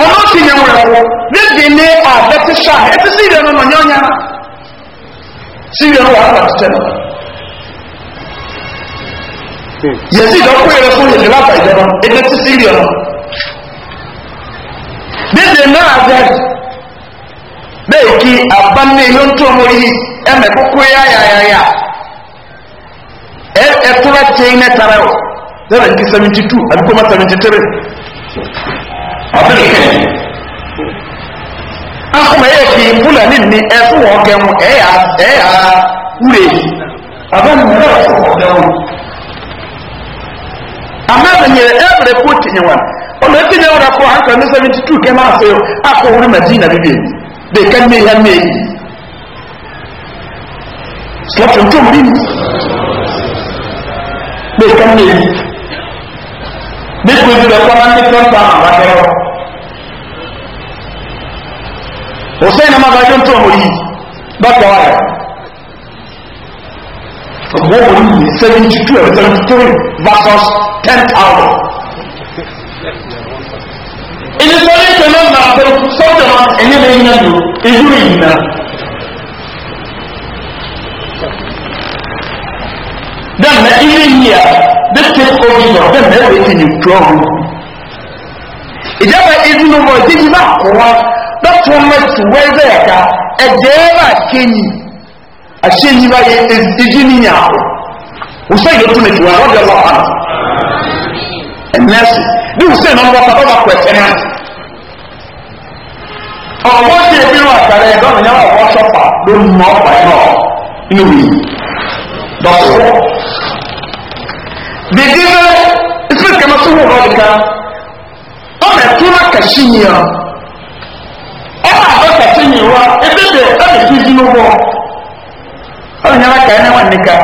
ɔno ti nyɛ wɔn ɛwɔ ne dene a bɛti sɔ a ɛti si yɛn no nyɛ ɔnyɛ na si yɛn no wàhálà ti tɛ na yɛsi dɔkɔ yɛrɛ fún yɛrɛ lafa yɛrɛ no ɛdi ti si yɛn no de náà bẹ́ẹ̀ bẹ́ẹ̀ kí abámi yóò tó ọmọ yìí ẹ̀mẹ̀ kókó yá yá yá yá ẹ̀ ẹ̀ tó bá tẹ̀ iná tara o lẹ́la ní seventy two àbí kó má seventy three ọ̀bẹ̀rẹ̀ kẹ́ẹ̀. akọ̀mọ̀ yẹ kí fúlàní ni ẹ fún wọn kẹ́hún ẹ̀ yà ẹ̀ yà wúre abámi náà fún wọn kẹ́hún. àmọ́ ẹ̀mẹ̀ yẹn ẹ̀ bẹ̀rẹ̀ kó tẹ̀yẹ̀ wọn ọmọ ẹtí yẹn wọ́n kọ́ àkọ́ ní seventy two kẹ́ máa fẹ́ akọ orí madina bíbí bẹ́ẹ̀ ká ní ìyá ní èyí sọ́tún tó rí ni bẹ́ẹ̀ ká ní èyí bẹ́ẹ̀ kó ìdílé ọkọ máa ń ní kọ́ńtà àbákẹ́rọ. hussein amabajo tó wọ́n yìí bákan wà rẹ̀ ọgbọ́n wọ́n yìí seventy two and seventy three versus ten thousand ìdí sọ́lé ìpínlẹ̀ máa pẹ̀lú sọ́dọ̀ ẹ̀yìn lè yàn lò ìlú ìyìnà dẹ́mẹ̀ ilé yìí à this take over your dẹ́mẹ̀ ẹ̀rọ ètò yìí tó ọ̀hún ìjọba ìdúró bọ̀ ìdíjì bá kọ́ wa dọ́tọ̀ mẹ́tì wẹ́ẹ́dẹ́ ẹ̀ka ẹ̀jẹ̀ ẹ̀rọ àkéyìn àṣeyìn báyé ìdíjì níyàwó òṣèlú tó mẹ́tì wà lọ́dọ̀ ọlọ́pàá ẹ̀mẹ́sì bí hussein ọmọ bàtà bàbà kọ ẹsẹ náà ọwọ́ ṣe ìbínú àtàrẹ ẹ̀dọ́ mi yàrá ọwọ́ ṣọ́pà ló ń mọ ọgbà ẹ̀ náà inú mi dọ̀tọ̀ dèjì náà ìsìn kẹmẹ tó wù ọ́ nìkan ọmọ ẹ̀kú náà kàṣí ni ọ ọmọ àbọ̀ kàṣí ni wa ebi bẹ̀ ẹ̀mí fi dínú bọ̀ ọmọ yàrá kàṣí ni wà nìkan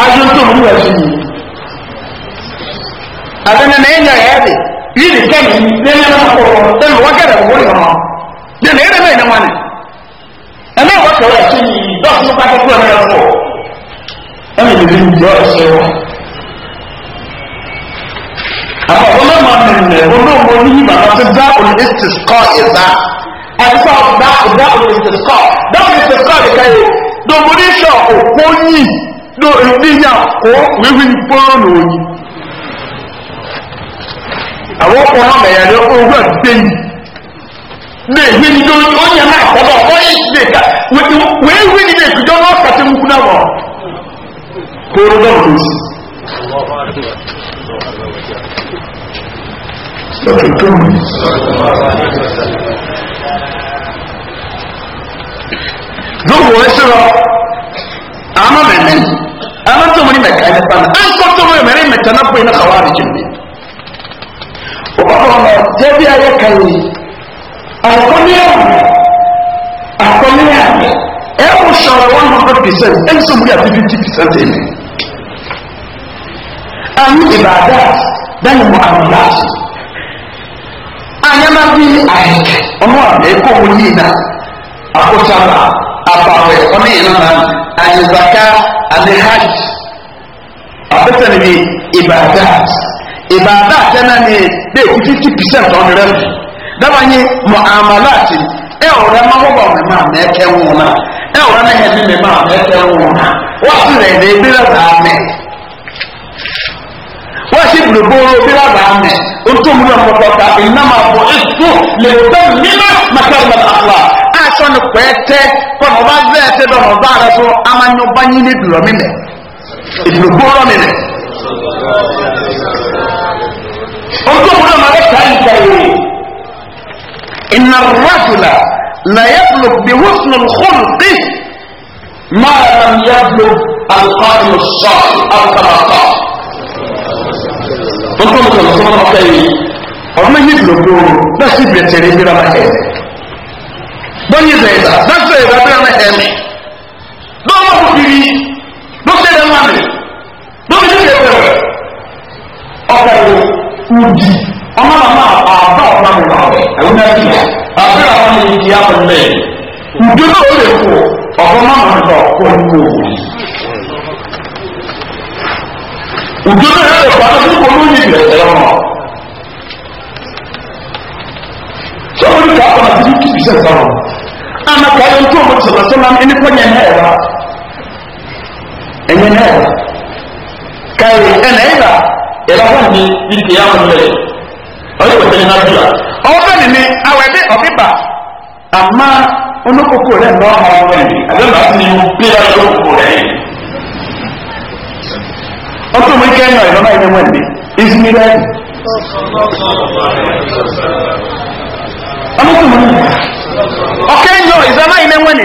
ajọ́ tó ń wù ẹ̀ sí ni adana na enya ya de yiri kemi ne ne na ko de no wakara ko ni ma de ne ne na wane ana wakara wa ti do so pa ko na na ko ana ni ni do so ama wala ma ne ne wono mo ni ba ta da ul istisqa iza alisa da da ul istisqa da ul istisqa de kai do mo ni sho ko ko ni do ni ya ko wi wi po no ni àwọn ọkọ̀ náà mẹ̀yà ni ogún àti lè wí ni lórí oúnjẹ náà kọ́dọ̀ ọ̀yẹ́ lè ká wèé wí ni lè kújọ́ náà kàtí mú kúnà wọ̀ kóró náà kò sí. Lóòwò ẹ sọ̀rọ̀ àmọ́ mẹ́rin àmọ́ tó mo ní ẹ̀ à ń tó mo mẹ́rin ọ̀pọ̀lọpọ̀ jẹ́bi ayé kàwé àkọ́níyàwó àkọ́níyàwó ẹ wò sọ̀rọ̀ one hundred percent ẹ̀ ń sọ wúlò àti fifty percent èmi. àmì ìbàdà bẹ́ẹ̀ni mo àmì láti. anyama bi àyẹ̀kẹ́ ọmọ àmì ẹ̀kọ́ wọn yìí náà àkótábà àbàwẹ̀ ọmọ yìí náà àyẹ̀bàká àmì hajj àbẹ̀tẹ̀ mi ìbàdà. ìbàdà àtẹ́nà ni déèkú fifty percent ọ̀nà rẹ̀ mú dábàáyé mọ àmàlà àti ẹ ma máwọ́bọ̀ mi máa mẹ́ẹ̀kẹ́ wọn náà ẹ ọ̀rẹ́ mẹ́hẹ̀ mi mi máa mẹ́ẹ̀kẹ́ wọn náà wọ́n sì rẹ̀ ẹ̀dẹ́ bí lọ́dà àmẹ́ wọ́n sì gbogbooro maka ọba انظروا لما قلت انت ان الرجل لا يبلغ بحسن الخلق ما لم يبلغ القائم الصالح او كما قال انظروا لما قلت انت ọmọ yìí lògbò náà sì bìí tẹ̀lé bí rárá ẹ̀ bọ́nyì zẹ̀yìnbá dáṣẹ̀ ìwà bí rárá ẹ̀ mi lọ́wọ́ kò kiri lọ́sẹ̀ ẹ̀ máa mi ọkọ̀ udi ọmọ màmá àbá ọ̀pá mi wà ọ̀bẹ ẹ̀wọ́n náà ti yà àbúrò àwọn ọmọ yìí ti yà fún mi. ǹjẹ́ náà ó lè fò ọ̀pọ̀ màmá mi sọ kó ń kó wù. ǹjẹ́ náà yẹ kó àwọn tó kó lóyún ìgbẹ́ ẹ̀rọ mọ́. sọ́wọ́n ní ká ọ̀nà tí kì í ṣe sọ̀rọ̀ àmà ká yẹn tó ọmọ sọ̀rọ̀ sọ́nà ẹni kọ́ yẹn náà ẹ̀rọ ẹ̀yẹn náà ẹ̀rọ káyọ̀ ẹ̀ náà ẹ̀rọ ni irike ya wọn lẹ ọyọ pẹtẹ ní la, ọwọ bẹẹni ni awọ ẹbí ọbí bá àmà onókòkò rẹ ń bá ọmọ ọmọ yìí àbẹ màá ti ní mo bí ara onókòkò rẹ yìí. ọtún mi kẹ́yìn ọ̀yọ́ náà yẹn wọ̀nyí ìsinmi rẹ. ọmọkùnrin mi ọkẹ́yìn ọ̀ ìsáná yìí ni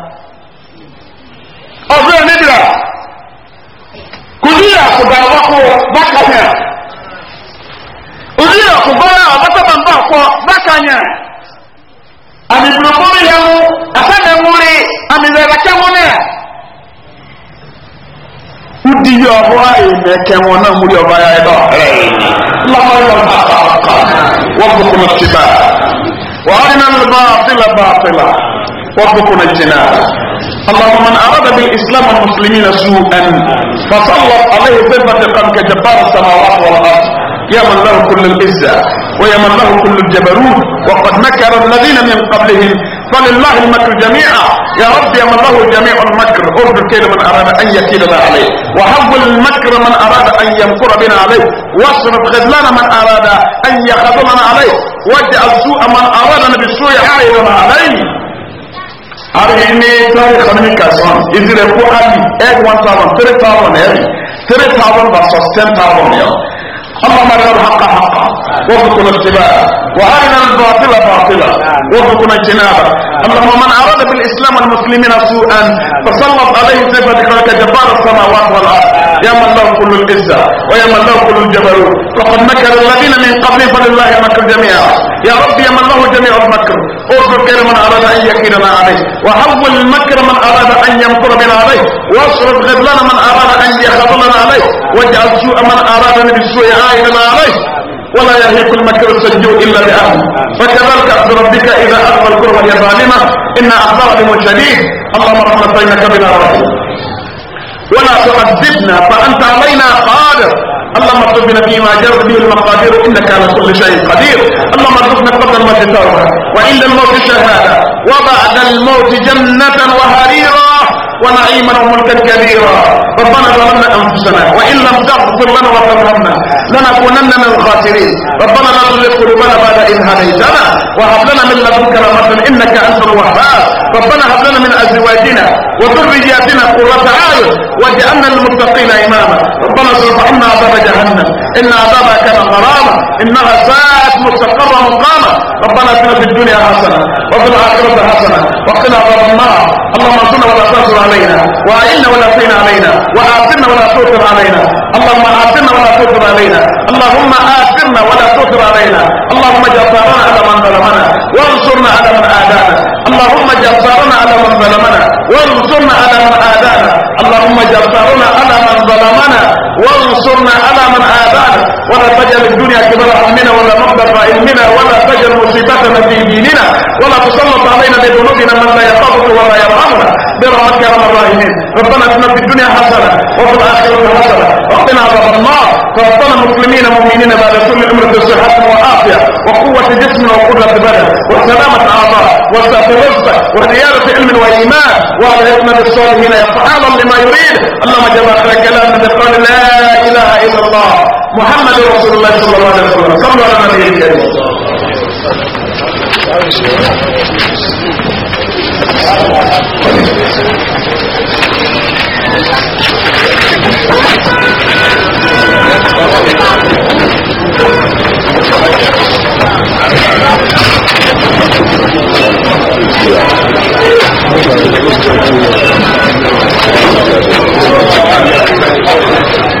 ọ̀fẹ́ níbìrà kùdí àkùdà ọkọ̀ bákanyà kùdí àkùbọ́lá ọ̀bátàbà ń bá ọkọ̀ bákanyà àmì ìbùrùkú mi yẹn mú àtàdé múri àmì ìbẹ̀rẹ̀ kẹ́wọ́n náà kudi yi ɔbɔ ayi mɛ kɛwɔn náà múri ɔbɔ ayi dɔ ɛɛ lɔbɔ yɔ bàtà ɔkọ wɔn kò ti bá wàhálà ní bàtà fìlà bàtà. وارزقنا اجتنابه اللهم من أراد بالإسلام والمسلمين سوءا فسلط عليه قد كجبار السماوات والأرض يا من له كل العزة ويا من له كل الجبروت وقد مكر الذين من قبلهم فلله المكر جميعا يا رب يا من له جميع المكر ارد الكيل من اراد ان يكيلنا عليه وحول المكر من اراد ان يمكر بنا عليه واصرف خذلان من اراد ان يخذلنا عليه واجعل سوء من ارادنا بالسوء عائدا عليه ari ni tari xamni kason izire ko ali ek wan tawon tere tawon ne tere tawon ba sosten tawon ya amma ma rabb haqa haqa wa kun ittiba wa arina al batila batila wa kun jinaba اللهم من اراد بالاسلام والمسلمين سوءا فسلط عليه سيف ذكرك جبار السماوات والارض يا من له كل العزة ويا من له كل الجبروت وقد مكر الذين من قبل فلله المكر جميعا يا رب يا من له جميع المكر اذكر كير من أراد أن يكيدنا عليه وحول المكر من أراد أن يمكر بنا عليه واصرف غبلنا من أراد أن يخذلنا عليه واجعل سوء من أرادنا بالسوء عائدنا عليه ولا يهلك المكر السيء الا باهله فكذلك عبد ربك اذا اخذ القرى يا ظالمه ان اخذ بمن شديد اللهم ارحم بينك بنا رحيم ولا تعذبنا فأنت علينا قادر اللهم اكتب بنبينا جرى به المقادير انك على كل شيء قدير اللهم ارزقنا قبل الموت توبه وعند الموت شهاده وبعد الموت جنه وهريرا ونعيما وملكا كبيرا ربنا ظلمنا انفسنا وان لم تغفر لنا وترحمنا لنكونن من الخاسرين ربنا لا تزغ قلوبنا بعد اذ هديتنا وهب لنا من لدنك رحمه انك انت الوهاب ربنا هب لنا من ازواجنا وذرياتنا قرة اعين واجعلنا للمتقين اماما ربنا اصرف عنا عذاب جهنم ان عذابها كان غراما انها ساءت مستقرا مقاما ربنا اتنا في الدنيا حسنه وفي الاخره حسنه وقنا عذاب النار اللهم انصرنا ولا تغفر علينا وأئنا ولا تعين علينا وآثرنا ولا تؤثر علينا اللهم آثرنا ولا تؤثر علينا اللهم آثرنا ولا تؤثر علينا اللهم جبارنا على من ظلمنا وانصرنا على من آذانا اللهم جبارنا على من ظلمنا وانصرنا على من آذانا اللهم جبارنا على من ظلمنا وانصرنا وانصرنا على من آبانا ولا تجعل الدنيا كبر همنا ولا مقدر علمنا ولا تجعل مصيبتنا في ديننا ولا تسلط علينا بذنوبنا من لا يخافك ولا يرحمنا برحمتك يا رب الراحمين ربنا اتنا في الدنيا حسنه وفي الاخره حسنه وقنا عذاب النار فربنا مسلمين مؤمنين بعد كل امر بصحه وعافيه وقوه جسم وقدره بدن وسلامه اعضاء وسعه رزق وزياده علم وايمان وعلى والهتنا بالصالحين يا لما يريد اللهم جل خير كلام من قول لا اله إله إلا الله محمد رسول الله صلى الله عليه وسلم صلى الله عليه وسلم Thank you.